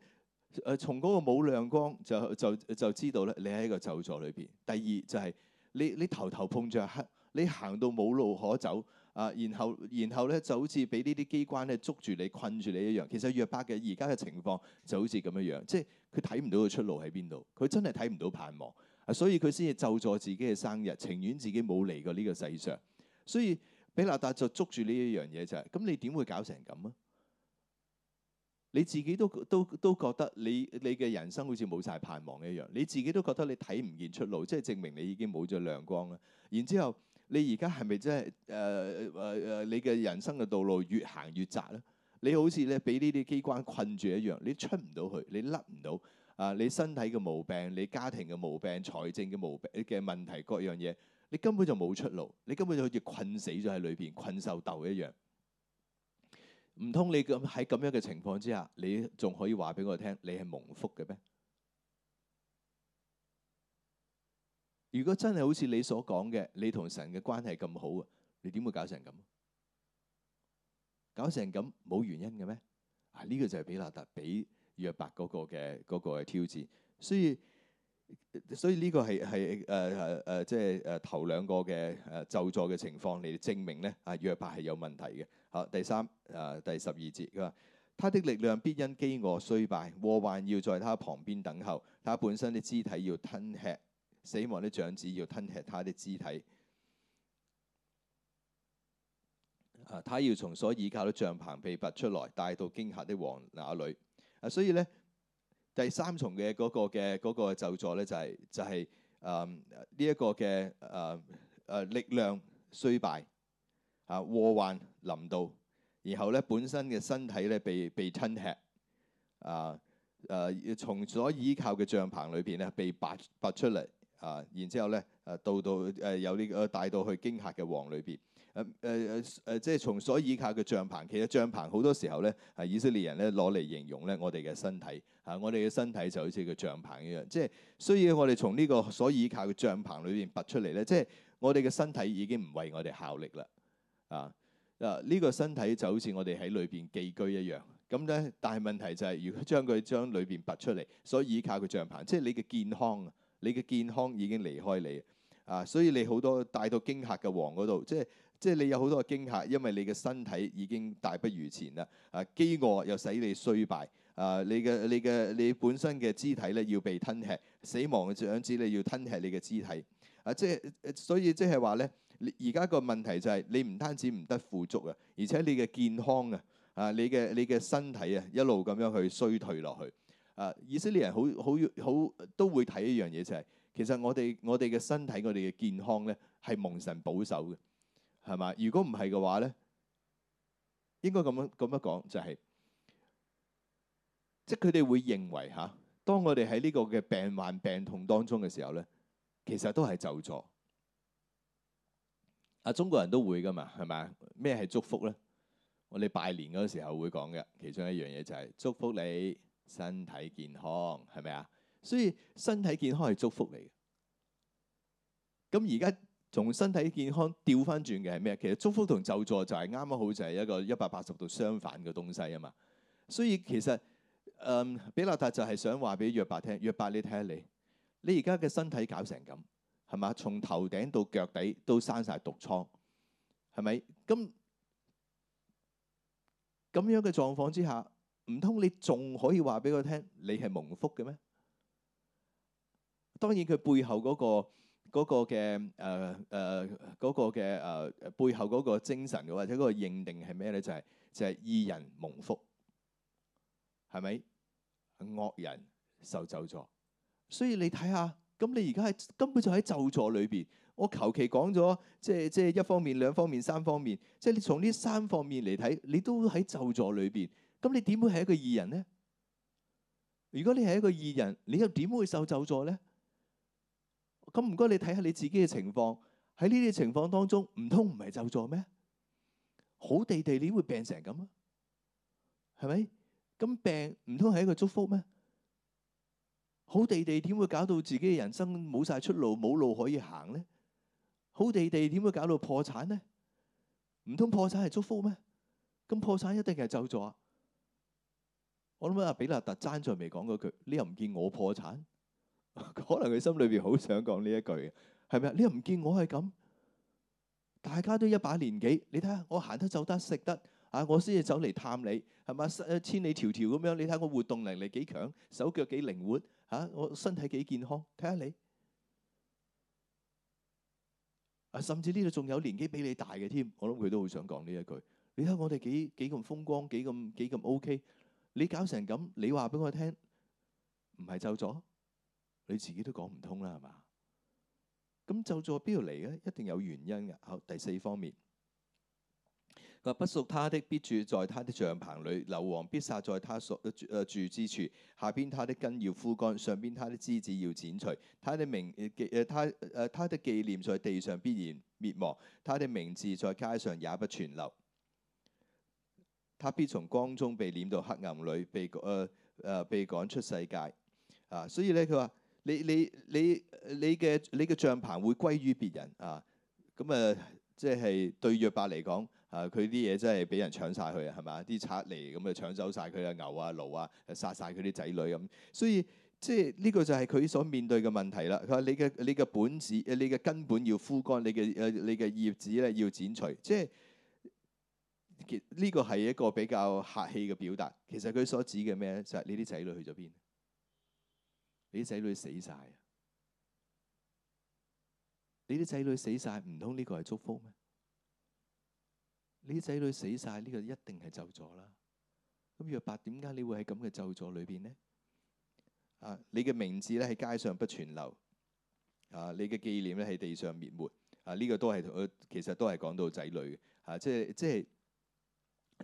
誒，呃，從嗰個冇亮光就就就就知道咧，你喺一個就座裏邊。第二就係你你，你頭頭碰着黑。你行到冇路可走啊，然後然後咧就好似俾呢啲機關咧捉住你困住你一樣。其實約伯嘅而家嘅情況就好似咁樣樣，即係佢睇唔到個出路喺邊度，佢真係睇唔到盼望，所以佢先至就助自己嘅生日，情願自己冇嚟過呢個世上。所以比勒達就捉住呢一樣嘢就係，咁你點會搞成咁啊？你自己都都都覺得你你嘅人生好似冇晒盼望一樣，你自己都覺得你睇唔見出路，即係證明你已經冇咗亮光啦。然之後，你而家係咪真係誒誒誒？你嘅人生嘅道路越行越窄咧？你好似咧俾呢啲機關困住一樣，你出唔到去，你甩唔到啊！你身體嘅毛病、你家庭嘅毛病、財政嘅毛病嘅問題，各樣嘢，你根本就冇出路，你根本就好似困死咗喺裏邊、困獸鬥一樣。唔通你咁喺咁樣嘅情況之下，你仲可以話俾我聽，你係蒙福嘅咩？如果真係好似你所講嘅，你同神嘅關係咁好啊，你點會搞成咁？搞成咁冇原因嘅咩？啊，呢、這個就係比拿特比約伯嗰個嘅嗰個嘅挑戰，所以所以呢個係係誒誒誒，即係誒頭兩個嘅誒咒詛嘅情況嚟證明咧啊，約伯係有問題嘅。好，第三誒、呃、第十二節佢話：他的力量必因飢餓衰敗，禍患要在他旁邊等候，他本身的肢體要吞吃。死亡的長子要吞吃他的肢體，啊，他要從所倚靠的帳棚被拔出來，帶到驚嚇的王那裏。啊，所以咧，第三重嘅嗰個嘅嗰個咒詛咧，就係就係，嗯，呢一個嘅，誒誒，力量衰敗，啊，禍患臨到，然後咧本身嘅身體咧被被吞吃，啊誒，從所倚靠嘅帳棚裏邊咧被拔拔出嚟。啊，然之後咧，誒到到誒有呢個帶到去驚嚇嘅王裏邊，誒誒誒誒，即係從所倚靠嘅帳棚。其實帳棚好多時候咧，係以色列人咧攞嚟形容咧我哋嘅身體。嚇、啊，我哋嘅身體就好似個帳棚一樣，即係需要我哋從呢個所倚靠嘅帳棚裏邊拔出嚟咧。即係我哋嘅身體已經唔為我哋效力啦。啊，嗱、這、呢個身體就好似我哋喺裏邊寄居一樣。咁咧，但係問題就係，如果將佢將裏邊拔出嚟，所倚靠嘅帳棚，即係你嘅健康啊。你嘅健康已經離開你啊！所以你好多帶到驚嚇嘅王嗰度，即係即係你有好多嘅驚嚇，因為你嘅身體已經大不如前啦。啊，飢餓又使你衰敗啊！你嘅你嘅你本身嘅肢體咧要被吞吃，死亡嘅長子你要吞吃你嘅肢體啊！即係所以即係話咧，而家個問題就係你唔單止唔得富足啊，而且你嘅健康啊，啊你嘅你嘅身體啊一路咁樣去衰退落去。啊！以色列人好好好都會睇一樣嘢、就是，就係其實我哋我哋嘅身體，我哋嘅健康咧係蒙神保守嘅，係嘛？如果唔係嘅話咧，應該咁樣咁樣講就係、是，即係佢哋會認為嚇、啊，當我哋喺呢個嘅病患病痛當中嘅時候咧，其實都係咒詛。啊。中國人都會㗎嘛，係咪？咩係祝福咧？我哋拜年嗰時候會講嘅其中一樣嘢就係祝福你。身體健康係咪啊？所以身體健康係祝福嚟嘅。咁而家從身體健康調翻轉嘅係咩？其實祝福同咒詛就係啱啱好就係一個一百八十度相反嘅東西啊嘛。所以其實嗯比勒達就係想話俾約伯聽：約伯，伯你睇下你，你而家嘅身體搞成咁係嘛？從頭頂到腳底都生晒毒瘡，係咪？咁咁樣嘅狀況之下。唔通你仲可以話俾我聽，你係蒙福嘅咩？當然佢背後嗰個嗰個嘅誒誒嗰個嘅誒背後嗰個精神或者嗰個認定係咩咧？就係、是、就係、是、義人蒙福，係咪惡人受咒助。所以你睇下，咁你而家係根本就喺咒助裏邊。我求其講咗，即係即係一方面、兩方面、三方面，即、就、係、是、你從呢三方面嚟睇，你都喺咒助裏邊。咁你點會係一個義人呢？如果你係一個義人，你又點會受咒詛咧？咁唔該，你睇下你自己嘅情況喺呢啲情況當中，唔通唔係咒詛咩？好地地，你會病成咁啊？係咪？咁病唔通係一個祝福咩？好地地，點會搞到自己嘅人生冇晒出路，冇路可以行咧？好地地，點會搞到破產咧？唔通破產係祝福咩？咁破產一定係咒詛啊？我諗阿比納特爭再未講嗰句，你又唔見我破產。可能佢心裏邊好想講呢一句，係咪啊？你又唔見我係咁？大家都一把年紀，你睇下我行得走得食得啊！我先至走嚟，探你，係咪？誒，千里迢迢咁樣，你睇我活動能力幾強，手腳幾靈活吓，我身體幾健康？睇下你啊，甚至呢度仲有年紀比你大嘅添。我諗佢都好想講呢一句。你睇我哋幾幾咁風光，幾咁幾咁 O K。你搞成咁，你話俾我聽，唔係就咗，你自己都講唔通啦，係嘛？咁就咗邊度嚟咧？一定有原因嘅。好，第四方面，不屬他的必住在他的帳棚裏，硫磺必撒在他所住之處。下邊他的根要枯乾，上邊他的枝子要剪除。他的名他、呃、他的紀、呃、念在地上必然滅亡，他的名字在街上也不存留。他必從光中被攆到黑暗裏，被誒誒、呃、被趕出世界啊！所以咧，佢話：你你你你嘅你嘅帳棚會歸於別人啊！咁啊，即係對約伯嚟講啊，佢啲嘢真係俾人搶晒佢啊，係咪？啲賊嚟咁啊，搶走晒佢啊牛啊、驢啊，殺晒佢啲仔女咁、啊。所以即係呢、這個就係佢所面對嘅問題啦。佢話：你嘅你嘅本子誒，你嘅根本要枯乾，你嘅誒你嘅葉子咧要剪除，即係。呢個係一個比較客氣嘅表達。其實佢所指嘅咩咧，就係、是、你啲仔女去咗邊？你啲仔女死晒？啊！你啲仔女死晒？唔通呢個係祝福咩？你啲仔女死晒，呢、這個一定係咒詛啦。咁約伯點解你會喺咁嘅咒詛裏邊呢？啊，你嘅名字咧喺街上不存留，啊，你嘅紀念咧喺地上滅沒。啊，呢個都係其實都係講到仔女嘅。啊，即係即係。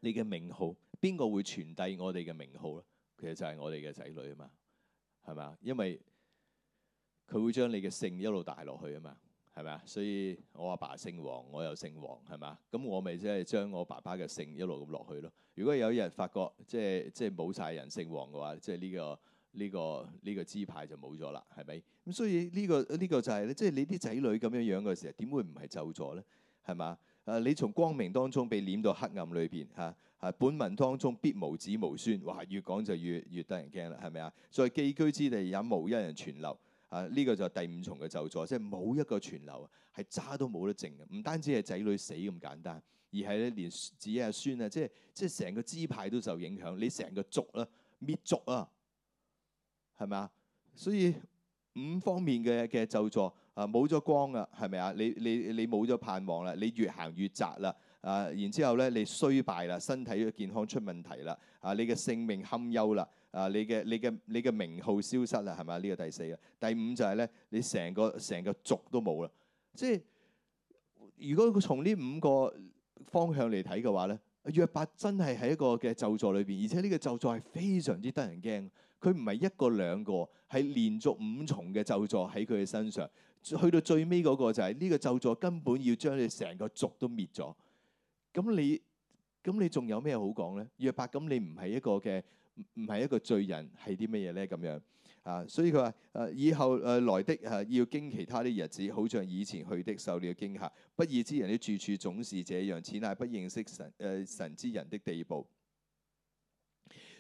你嘅名號，邊個會傳遞我哋嘅名號咧？其實就係我哋嘅仔女啊嘛，係咪啊？因為佢會將你嘅姓一路帶落去啊嘛，係咪啊？所以我阿爸，爸姓黃，我又姓黃，係咪啊？咁我咪即係將我爸爸嘅姓一路咁落去咯。如果有一日發覺即係即係冇晒人姓黃嘅話，即係、呢個、呢個呢、呢個呢、呢個支派、呢個、就冇咗啦，係咪？咁所以呢、呢個呢、呢個就係、係、即係你啲仔女咁樣樣嘅時候，點會唔係就咗咧？係嘛？誒，你從光明當中被攆到黑暗裏邊嚇嚇，本文當中必無子無孫，哇！越講就越越得人驚啦，係咪啊？在寄居之地也無一人存留，啊！呢、這個就第五重嘅咒詛，即係冇一個存留，係渣都冇得剩嘅。唔單止係仔女死咁簡單，而係咧連自己子啊孫啊，即係即係成個支派都受影響，你成個族啦、啊、滅族啊，係咪啊？所以五方面嘅嘅咒詛。啊！冇咗光啊，係咪啊？你你你冇咗盼望啦，你越行越窄啦。啊，然之後咧，你衰敗啦，身體嘅健康出問題啦。啊，你嘅性命堪憂啦。啊，你嘅你嘅你嘅名號消失啦，係咪？呢個第四啊，第五就係咧，你成個成個族都冇啦。即係如果佢從呢五個方向嚟睇嘅話咧，約伯真係喺一個嘅咒詛裏邊，而且呢個咒詛係非常之得人驚。佢唔係一個兩個，係連續五重嘅咒詛喺佢嘅身上。去到最尾嗰個就係呢個咒詛，根本要將你成個族都滅咗，咁你咁你仲有咩好講咧？約伯咁你唔係一個嘅唔唔係一個罪人係啲乜嘢咧？咁樣啊，所以佢話誒以後誒來的誒要驚奇他的日子，好像以前去的受了驚嚇，不義之人的住處總是這樣，此乃不認識神誒、呃、神之人的地步。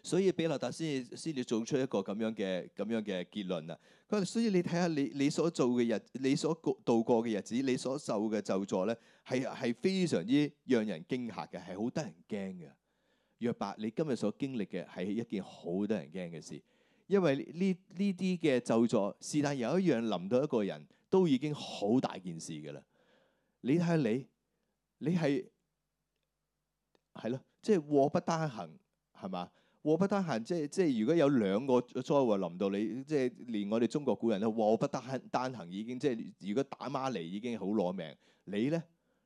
所以比勒達先至先至做出一個咁樣嘅咁樣嘅結論啦。佢所以你睇下你你所做嘅日，你所度過嘅日子，你所受嘅咒詛咧，係係非常之讓人驚嚇嘅，係好得人驚嘅。若白，你今日所經歷嘅係一件好得人驚嘅事，因為呢呢啲嘅咒詛，是但有一樣臨到一個人，都已經好大件事嘅啦。你睇下你，你係係咯，即係禍不單行，係嘛？禍不單行，即係即係，如果有兩個災禍臨到你，即係連我哋中國古人都禍不單單行，已經即係如果打孖嚟，已經好攞命。你咧，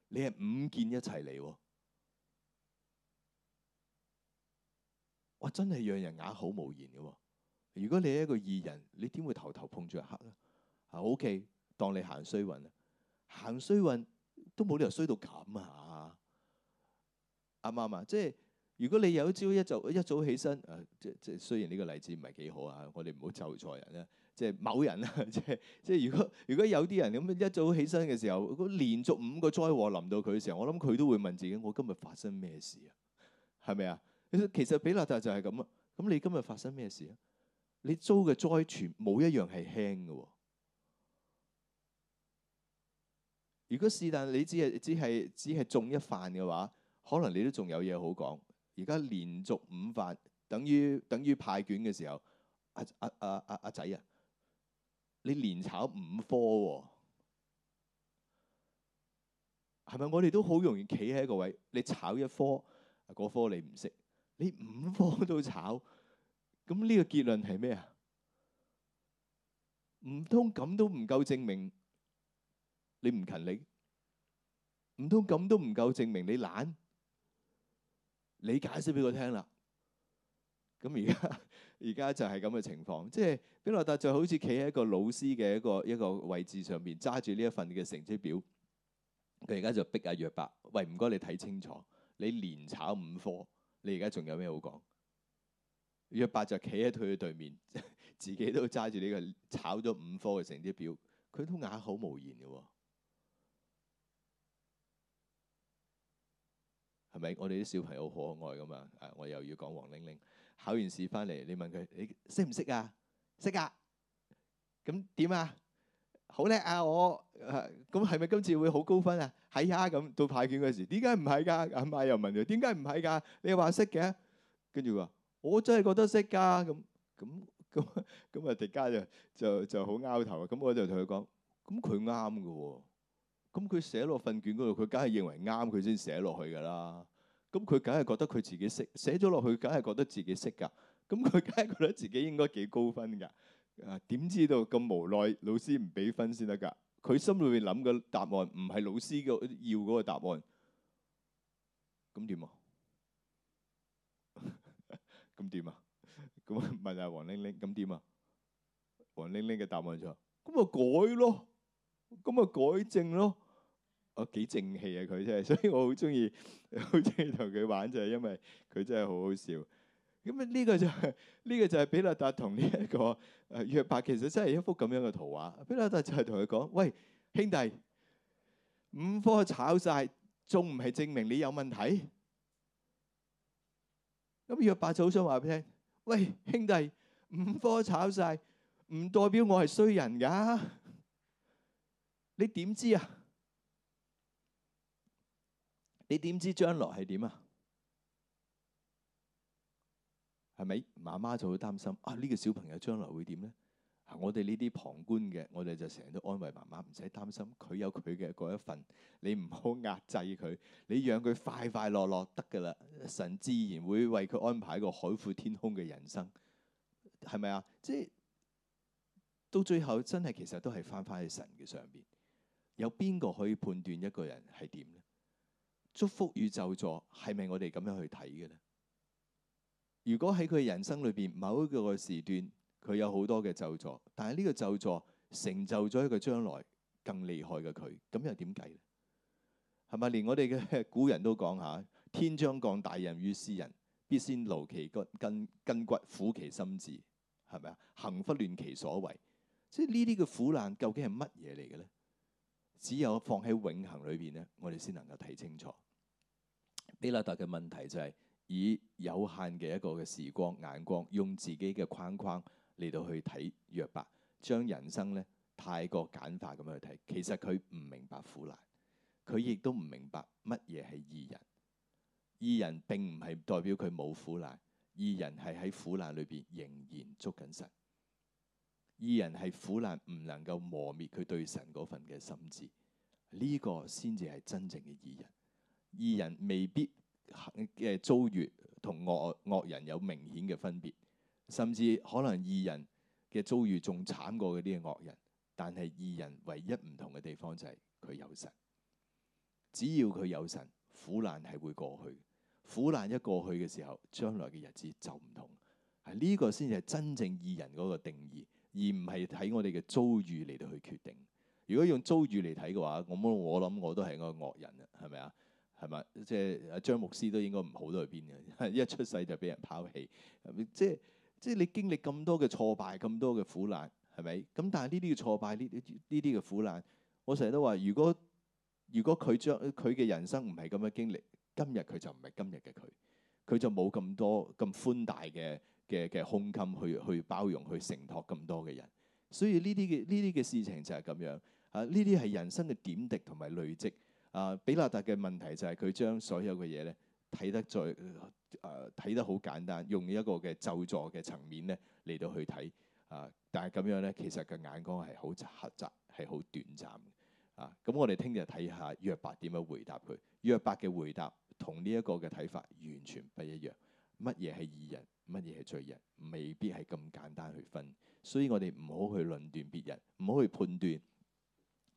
你係五件一齊嚟、哦，哇真係讓人啞口無言嘅、哦。如果你係一個異人，你點會頭頭碰著黑咧？啊，OK，當你行衰運啦，行衰運都冇理由衰到咁啊！啱唔啱啊？即係。如果你有朝一早一早起身，即、啊、即雖然呢個例子唔係幾好啊，我哋唔好咒錯人啦。即某人啊，即即如果如果有啲人咁樣一早起身嘅時候，如果連續五個災禍臨到佢嘅時候，我諗佢都會問自己：我今日發生咩事啊？係咪啊？其實比勒達就係咁啊。咁你今日發生咩事啊？你遭嘅災禍冇一樣係輕嘅。如果是但你只係只係只係中一犯嘅話，可能你都仲有嘢好講。而家連續五發，等於等於派卷嘅時候，阿阿阿阿阿仔啊，你連炒五科喎。哦，係咪？我哋都好容易企喺一個位，你炒一科，嗰科你唔識，你五科都炒，咁呢個結論係咩啊？唔通咁都唔夠證明你唔勤力？唔通咁都唔夠證明你懶？你解釋俾佢聽啦，咁而家而家就係咁嘅情況，即係比勒達就好似企喺一個老師嘅一個一個位置上面揸住呢一份嘅成績表，佢而家就逼阿約伯：喂「喂唔該你睇清楚，你連炒五科，你而家仲有咩好講？約伯就企喺佢嘅對面，自己都揸住呢個炒咗五科嘅成績表，佢都啞口無言嘅喎。係咪？我哋啲小朋友好可愛噶嘛、啊？我又要講黃玲玲考完試翻嚟，你問佢，你識唔識啊？識啊！咁點啊？好叻啊！我誒，咁係咪今次會好高分啊？係啊！咁到派卷嗰時，點解唔係㗎？阿、啊、媽又問佢，點解唔係㗎？你又話識嘅、啊，跟住話我真係覺得識㗎。咁咁咁咁啊！迪嘉就就就好拗頭啊！咁我就同佢講，咁佢啱㗎喎。咁佢寫落份卷嗰度，佢梗係認為啱佢先寫落去㗎啦。咁佢梗係覺得佢自己識寫咗落去，梗係覺得自己識㗎。咁佢梗係覺得自己應該幾高分㗎。啊，點知道咁無奈，老師唔俾分先得㗎。佢心裏面諗嘅答案唔係老師嘅要嗰個答案。咁點啊？咁點啊？咁問下黃鈴鈴，咁點啊？黃鈴鈴嘅答案就咁就改咯，咁就改正咯。我幾正氣啊，佢真係，所以我好中意，好中意同佢玩就係因為佢真係好好笑。咁啊呢個就係呢個就係比勒達同呢一個誒約伯，其實真係一幅咁樣嘅圖畫。比勒達就係同佢講：，喂兄弟，五科炒曬，仲唔係證明你有問題？咁約伯就好想話俾你聽：，喂兄弟，五科炒曬，唔代表我係衰人噶，你點知啊？你點知將來係點啊？係咪媽媽就會擔心啊？呢個小朋友將來會點呢？我哋呢啲旁觀嘅，我哋就成日都安慰媽媽，唔使擔心，佢有佢嘅嗰一份，你唔好壓制佢，你讓佢快快樂樂得㗎啦。神自然會為佢安排一個海闊天空嘅人生，係咪啊？即係到最後，真係其實都係翻返去神嘅上邊。有邊個可以判斷一個人係點呢？祝福與咒詛係咪我哋咁樣去睇嘅呢？如果喺佢人生裏邊某一個時段，佢有好多嘅咒詛，但係呢個咒詛成就咗一個將來更厲害嘅佢，咁又點計呢？係咪連我哋嘅古人都講下，天將降大任於斯人，必先勞其骨筋筋骨，苦其心志，係咪啊？行拂亂其所為。即係呢啲嘅苦難究竟係乜嘢嚟嘅呢？只有放喺永恒裏邊咧，我哋先能夠睇清楚。比勒達嘅問題就係以有限嘅一個嘅時光眼光，用自己嘅框框嚟到去睇約伯，將人生咧太過簡化咁樣去睇。其實佢唔明白苦難，佢亦都唔明白乜嘢係義人。義人並唔係代表佢冇苦難，義人係喺苦難裏邊仍然捉緊神。義人係苦難唔能夠磨滅佢對神嗰份嘅心志。呢、這個先至係真正嘅義人。義人未必嘅遭遇同惡惡人有明顯嘅分別，甚至可能義人嘅遭遇仲慘過嗰啲惡人。但係義人唯一唔同嘅地方就係佢有神，只要佢有神，苦難係會過去。苦難一過去嘅時候，將來嘅日子就唔同。呢、這個先至係真正義人嗰個定義而唔係睇我哋嘅遭遇嚟到去決定。如果用遭遇嚟睇嘅話，我我諗我都係個惡人啊，係咪啊？係咪？即係張牧師都應該唔好到去邊嘅，一出世就俾人拋棄，即係即係你經歷咁多嘅挫敗，咁多嘅苦難，係咪？咁但係呢啲嘅挫敗，呢啲呢啲嘅苦難，我成日都話，如果如果佢將佢嘅人生唔係咁樣經歷，今日佢就唔係今日嘅佢，佢就冇咁多咁寬大嘅。嘅嘅胸襟去去包容去承托咁多嘅人，所以呢啲嘅呢啲嘅事情就係咁樣啊！呢啲係人生嘅點滴同埋累積啊！比拉達嘅問題就係佢將所有嘅嘢咧睇得再誒睇得好簡單，用一個嘅咒詛嘅層面咧嚟到去睇啊！但係咁樣咧，其實佢嘅眼光係好狹窄，係好短暫啊！咁我哋聽日睇下約伯點樣回答佢，約伯嘅回答同呢一個嘅睇法完全不一樣。乜嘢係義人，乜嘢係罪人，未必係咁簡單去分，所以我哋唔好去論斷別人，唔好去判斷。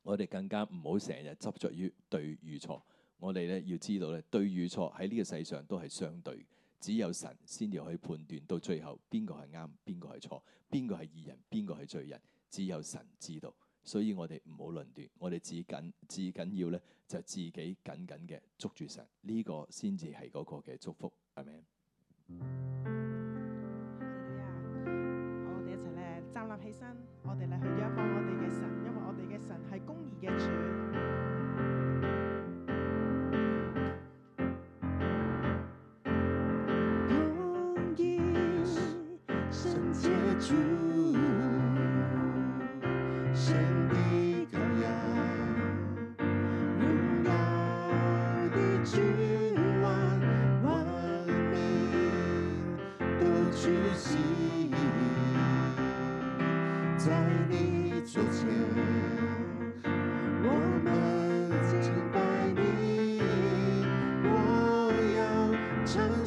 我哋更加唔好成日執着於對與錯。我哋咧要知道咧，對與錯喺呢個世上都係相對，只有神先至可以判斷到最後邊個係啱，邊個係錯，邊個係義人，邊個係罪人，只有神知道。所以我哋唔好論斷，我哋最緊最緊要咧就自己緊緊嘅捉住神呢個先至係嗰個嘅祝福。阿門。我哋一齊咧站立起身，我哋咧去仰望我哋嘅神，因為我哋嘅神係公義嘅主。.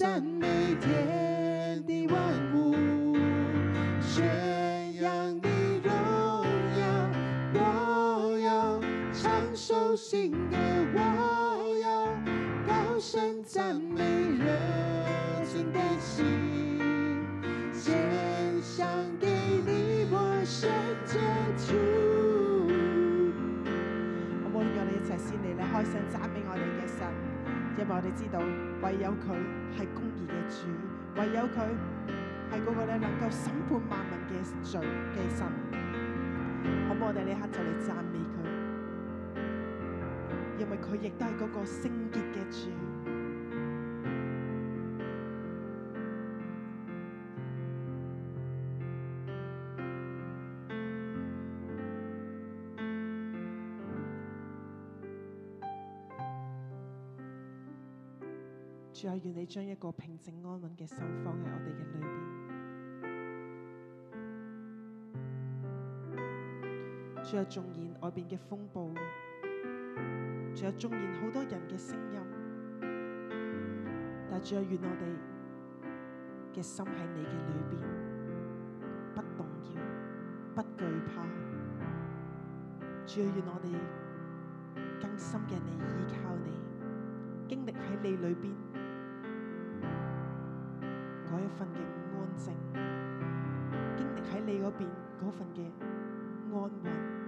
讚美天地萬物，宣揚祢榮耀。我要唱首新歌，我要高聲讚美熱心的心，獻上給你我聖潔處。好唔好？ 我哋一齊先嚟咧，開心讚美我哋嘅神，因為我哋知道唯有佢。唯有佢係嗰個咧能夠審判萬民嘅罪嘅神，咁我哋呢刻就嚟讚美佢，因為佢亦都係嗰個聖潔嘅主。主要願你將一個平靜安穩嘅心放喺我哋嘅裏邊，主要縱然外邊嘅風暴，主要縱然好多人嘅聲音，但主要願我哋嘅心喺你嘅裏邊不動搖、不懼怕。主要願我哋更深嘅你依靠你，經歷喺你裏邊。份嘅安靜，經歷喺你嗰邊嗰份嘅安穩。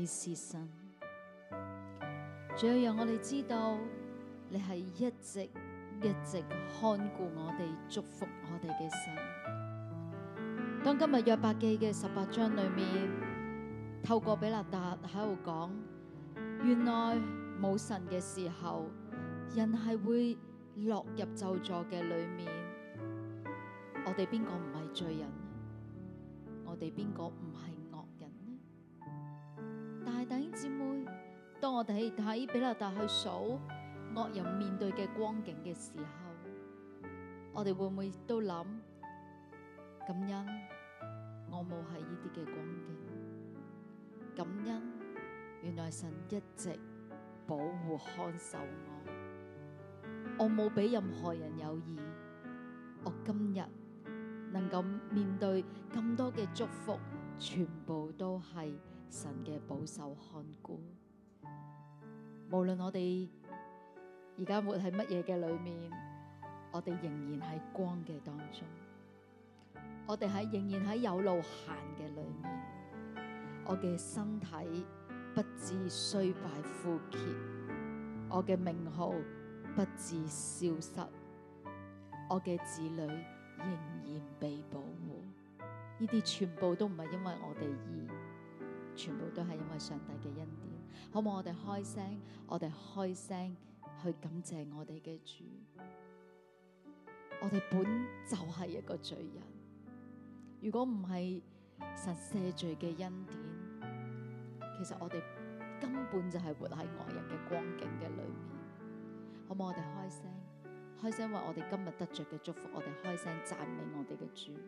你是神，仲有讓我哋知道你係一直一直看顧我哋、祝福我哋嘅神。當今日約伯記嘅十八章裏面，透過比勒達喺度講，原來冇神嘅時候，人係會落入咒詛嘅裏面。我哋邊個唔係罪人？我哋邊個唔係？弟兄姊妹，當我哋睇比勒達去數惡人面對嘅光景嘅時候，我哋會唔會都諗感恩？我冇係呢啲嘅光景，感恩原來神一直保護看守我，我冇俾任何人有意，我今日能夠面對咁多嘅祝福，全部都係。神嘅保守看顧，無論我哋而家活喺乜嘢嘅裏面，我哋仍然喺光嘅當中，我哋喺仍然喺有路行嘅裏面。我嘅身體不至衰敗枯竭，我嘅名號不至消失，我嘅子女仍然被保護。呢啲全部都唔係因為我哋而。全部都係因為上帝嘅恩典，可唔可我哋開聲？我哋開聲去感謝我哋嘅主。我哋本就係一個罪人，如果唔係神赦罪嘅恩典，其實我哋根本就係活喺外人嘅光景嘅裏面。可唔可我哋開聲？開聲，為我哋今日得着嘅祝福，我哋開聲讚美我哋嘅主。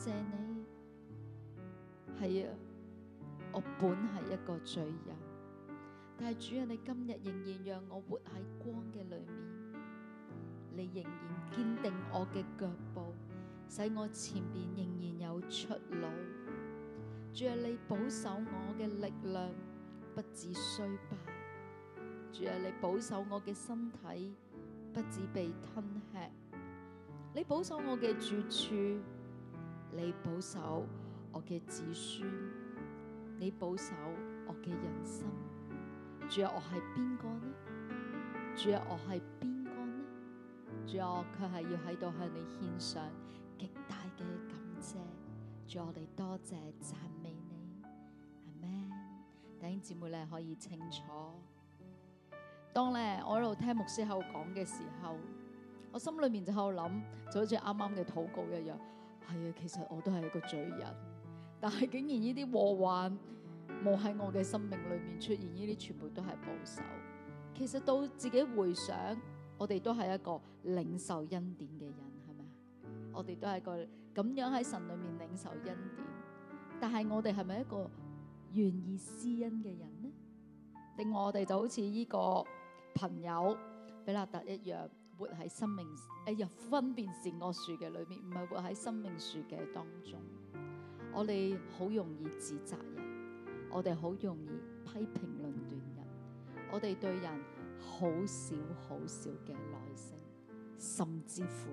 謝你，係啊，我本係一個罪人，但係主啊，你今日仍然讓我活喺光嘅裏面，你仍然堅定我嘅腳步，使我前面仍然有出路。主啊，你保守我嘅力量不致衰敗，主啊，你保守我嘅身體不致被吞吃，你保守我嘅住處。你保守我嘅子孫，你保守我嘅人心。主啊，我係邊個呢？主啊，我係邊個呢？主啊，我卻係要喺度向你獻上極大嘅感謝。主啊，我哋多謝讚美你。阿們。弟兄姊妹你可以清楚，當咧我喺度聽牧師喺度講嘅時候，我心裏面就喺度諗，就好似啱啱嘅禱告一樣。係啊，其實我都係一個罪人，但係竟然呢啲禍患冇喺我嘅生命裏面出現，呢啲全部都係保守。其實到自己回想，我哋都係一個領受恩典嘅人，係咪啊？我哋都係個咁樣喺神裏面領受恩典，但係我哋係咪一個願意施恩嘅人呢？定我哋就好似呢個朋友比勒達一樣？活喺生命哎呀，分辨善惡樹嘅裏面，唔係活喺生命樹嘅當中。我哋好容易指責人，我哋好容易批評論斷人，我哋對人好少好少嘅耐性，甚至乎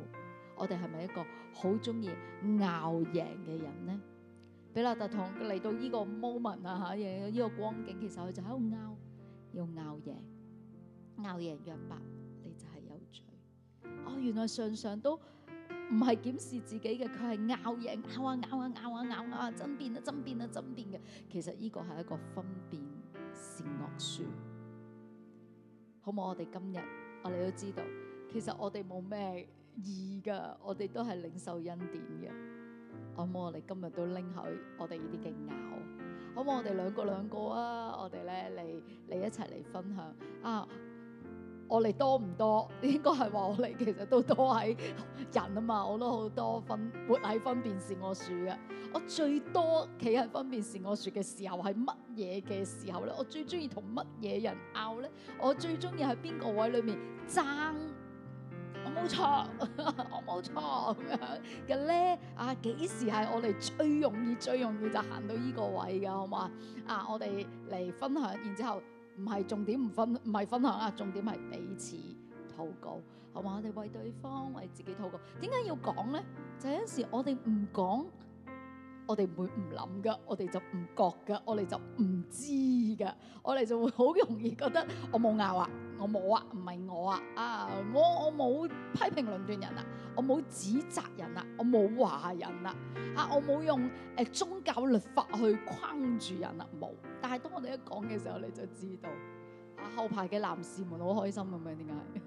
我哋係咪一個好中意拗贏嘅人呢？比勒達同嚟到呢個 moment 啊吓，呢個光景其實佢就喺度拗，要拗贏，拗贏約伯。原來常常都唔係檢視自己嘅，佢係拗嘢拗啊拗啊拗啊拗啊，爭辯啊爭辯啊爭辯嘅。其實呢個係一個分辨善惡樹，好冇？我哋今日我哋都知道，其實我哋冇咩意義噶，我哋都係領受恩典嘅。好冇？我哋今日都拎下我哋呢啲嘅拗，好冇？我哋兩個兩個啊，我哋咧嚟嚟一齊嚟分享啊！我哋多唔多？應該係話我哋其實都多喺人啊嘛！我都好多分活喺分辨是我樹嘅。我最多企喺分辨是我樹嘅時候係乜嘢嘅時候咧？我最中意同乜嘢人拗咧？我最中意喺邊個位裏面爭？我冇錯， 我冇錯咁樣嘅咧。啊，幾時係我哋最容易最容易就行到依個位嘅？好嘛，啊？我哋嚟分享，然之後。唔係重點，唔分唔係分享啊，重點係彼此禱告，係嘛？我哋為對方為自己禱告，點解要講咧？就係、是、有時我哋唔講，我哋唔會唔諗噶，我哋就唔覺噶，我哋就唔知噶，我哋就會好容易覺得我冇拗啊。我冇啊，唔係我啊，啊，我我冇批評論斷人啊，我冇指責人啊，我冇話人啊，啊，我冇用誒、呃、宗教律法去框住人啊，冇。但係當我哋一講嘅時候，你就知道啊，後排嘅男士們好開心咁樣，點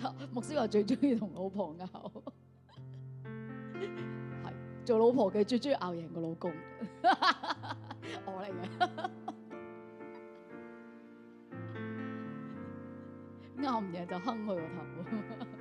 解？牧 師話最中意同老婆拗，係 做老婆嘅最中意拗贏個老公， 我嚟來嘅的。 啱唔嘢就哼佢個頭。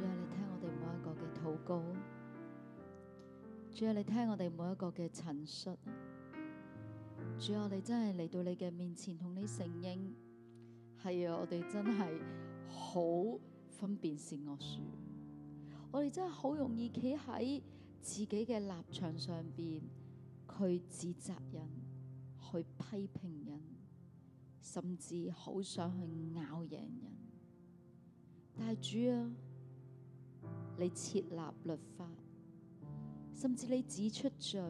主啊，你聽我哋每一個嘅禱告；主啊，你聽我哋每一個嘅陳述；主啊，我哋真係嚟到你嘅面前同你承認，係啊，我哋真係好分辨善惡樹，我哋真係好容易企喺自己嘅立場上邊去指責人、去批評人，甚至好想去咬贏人。但係主啊！你設立律法，甚至你指出罪，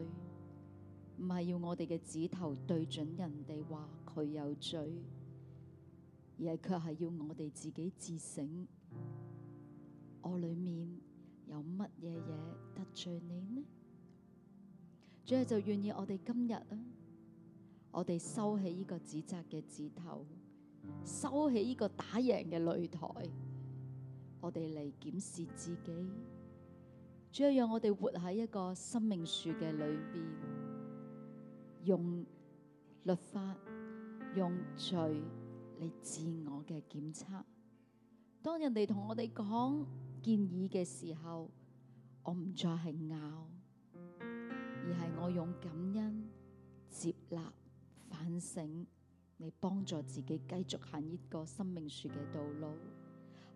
唔係要我哋嘅指頭對準人哋話佢有罪，而係卻係要我哋自己自省，我裏面有乜嘢嘢得罪你呢？總之就願意我哋今日啊，我哋收起呢個指責嘅指頭，收起呢個打贏嘅擂台。我哋嚟檢視自己，主要讓我哋活喺一個生命樹嘅裏邊，用律法、用罪嚟自我嘅檢測。當人哋同我哋講建議嘅時候，我唔再係拗，而係我用感恩接納、反省嚟幫助自己繼續行呢個生命樹嘅道路。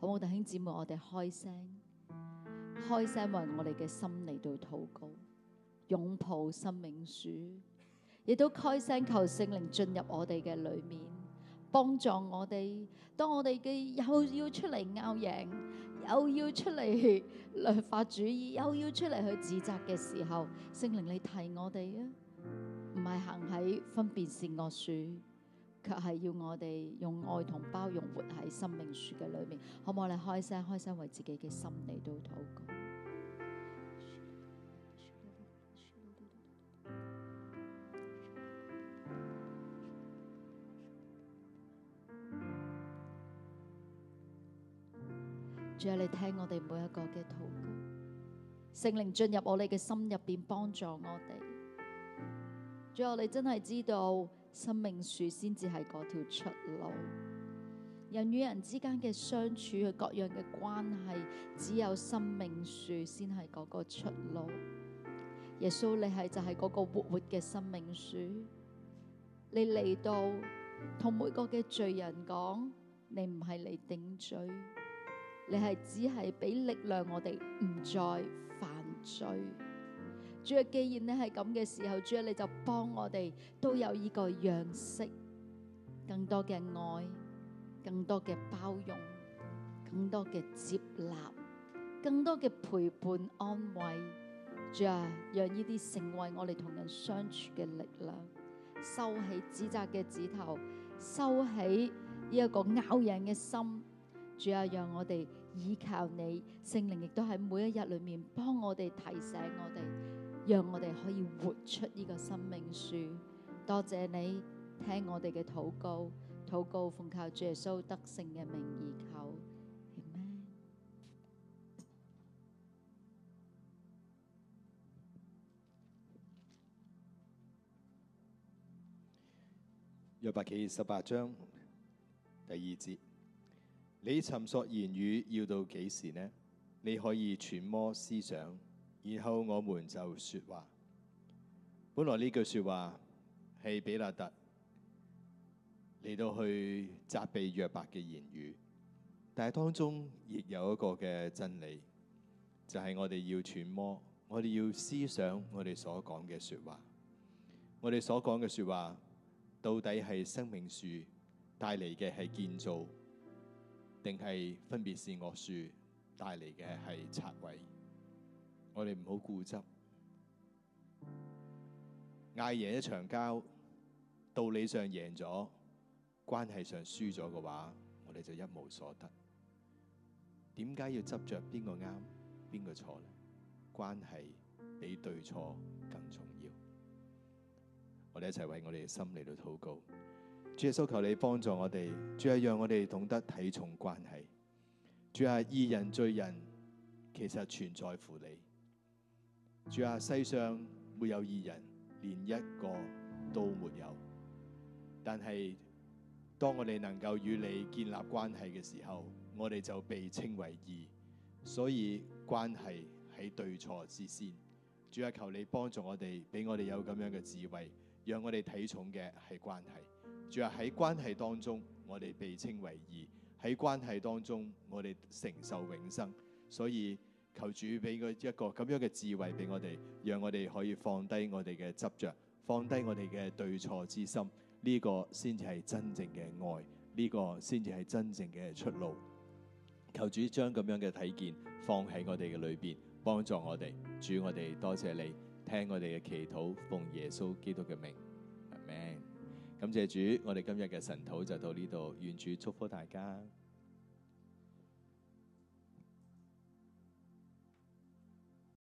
好，我弟兄姊妹，我哋開聲，開聲為我哋嘅心嚟到禱告，擁抱生命樹，亦都開聲求聖靈進入我哋嘅裡面，幫助我哋。當我哋嘅又要出嚟拗贏，又要出嚟律法主義，又要出嚟去指責嘅時候，聖靈你提我哋啊，唔係行喺分別善惡樹。卻係要我哋用愛同包容活喺生命樹嘅裏面，可唔可以開聲開聲為自己嘅心理都禱告？主要你聽我哋每一個嘅禱告，聖靈進入我哋嘅心入邊，幫助我哋。主要你真係知道。生命樹先至係嗰條出路，人與人之間嘅相處，各樣嘅關係，只有生命樹先係嗰個出路。耶穌，你係就係、是、嗰個活活嘅生命樹，你嚟到同每個嘅罪人講，你唔係嚟頂罪，你係只係俾力量我哋唔再犯罪。主啊，既然你係咁嘅時候，主啊，你就幫我哋都有依個樣式，更多嘅愛，更多嘅包容，更多嘅接納，更多嘅陪伴安慰。主啊，讓呢啲成為我哋同人相處嘅力量。收起指責嘅指頭，收起呢一個咬人嘅心。主啊，讓我哋倚靠你，聖靈亦都喺每一日裏面幫我哋提醒我哋。讓我哋可以活出呢個生命樹。多謝你聽我哋嘅禱告，禱告奉靠主耶穌得勝嘅名義求，係咩？約伯記十八章第二節，你尋索言語要到幾時呢？你可以揣摩思想，然後我們就說話。本來呢句說話係比拉特嚟到去責備約伯嘅言語，但係當中亦有一個嘅真理，就係、是、我哋要揣摩，我哋要思想我哋所講嘅說話。我哋所講嘅說話到底係生命樹帶嚟嘅係建造，定係分別善惡樹帶嚟嘅係拆毀？我哋唔好固執，嗌贏一場交，道理上贏咗，關係上輸咗嘅話，我哋就一無所得。點解要執着邊個啱，邊個錯咧？關係比對錯更重要。我哋一齊為我哋嘅心嚟到禱告。主耶穌，求你幫助我哋。主啊，讓我哋懂得睇重關係。主啊，義人罪人其實全在乎你。主啊，世上沒有義人，連一個都沒有。但係當我哋能夠與你建立關係嘅時候，我哋就被稱為義。所以關係喺對錯之先。主啊，求你幫助我哋，俾我哋有咁樣嘅智慧，讓我哋睇重嘅係關係。主啊，喺關係當中，我哋被稱為義。喺關係當中，我哋承受永生。所以。求主俾佢一個咁樣嘅智慧俾我哋，讓我哋可以放低我哋嘅執着，放低我哋嘅對錯之心，呢個先至係真正嘅愛，呢個先至係真正嘅出路。求主將咁樣嘅睇見放喺我哋嘅裏邊，幫助我哋。主我哋多謝你，聽我哋嘅祈禱，奉耶穌基督嘅名，amen。感謝主，我哋今日嘅晨禱就到呢度，願主祝福大家。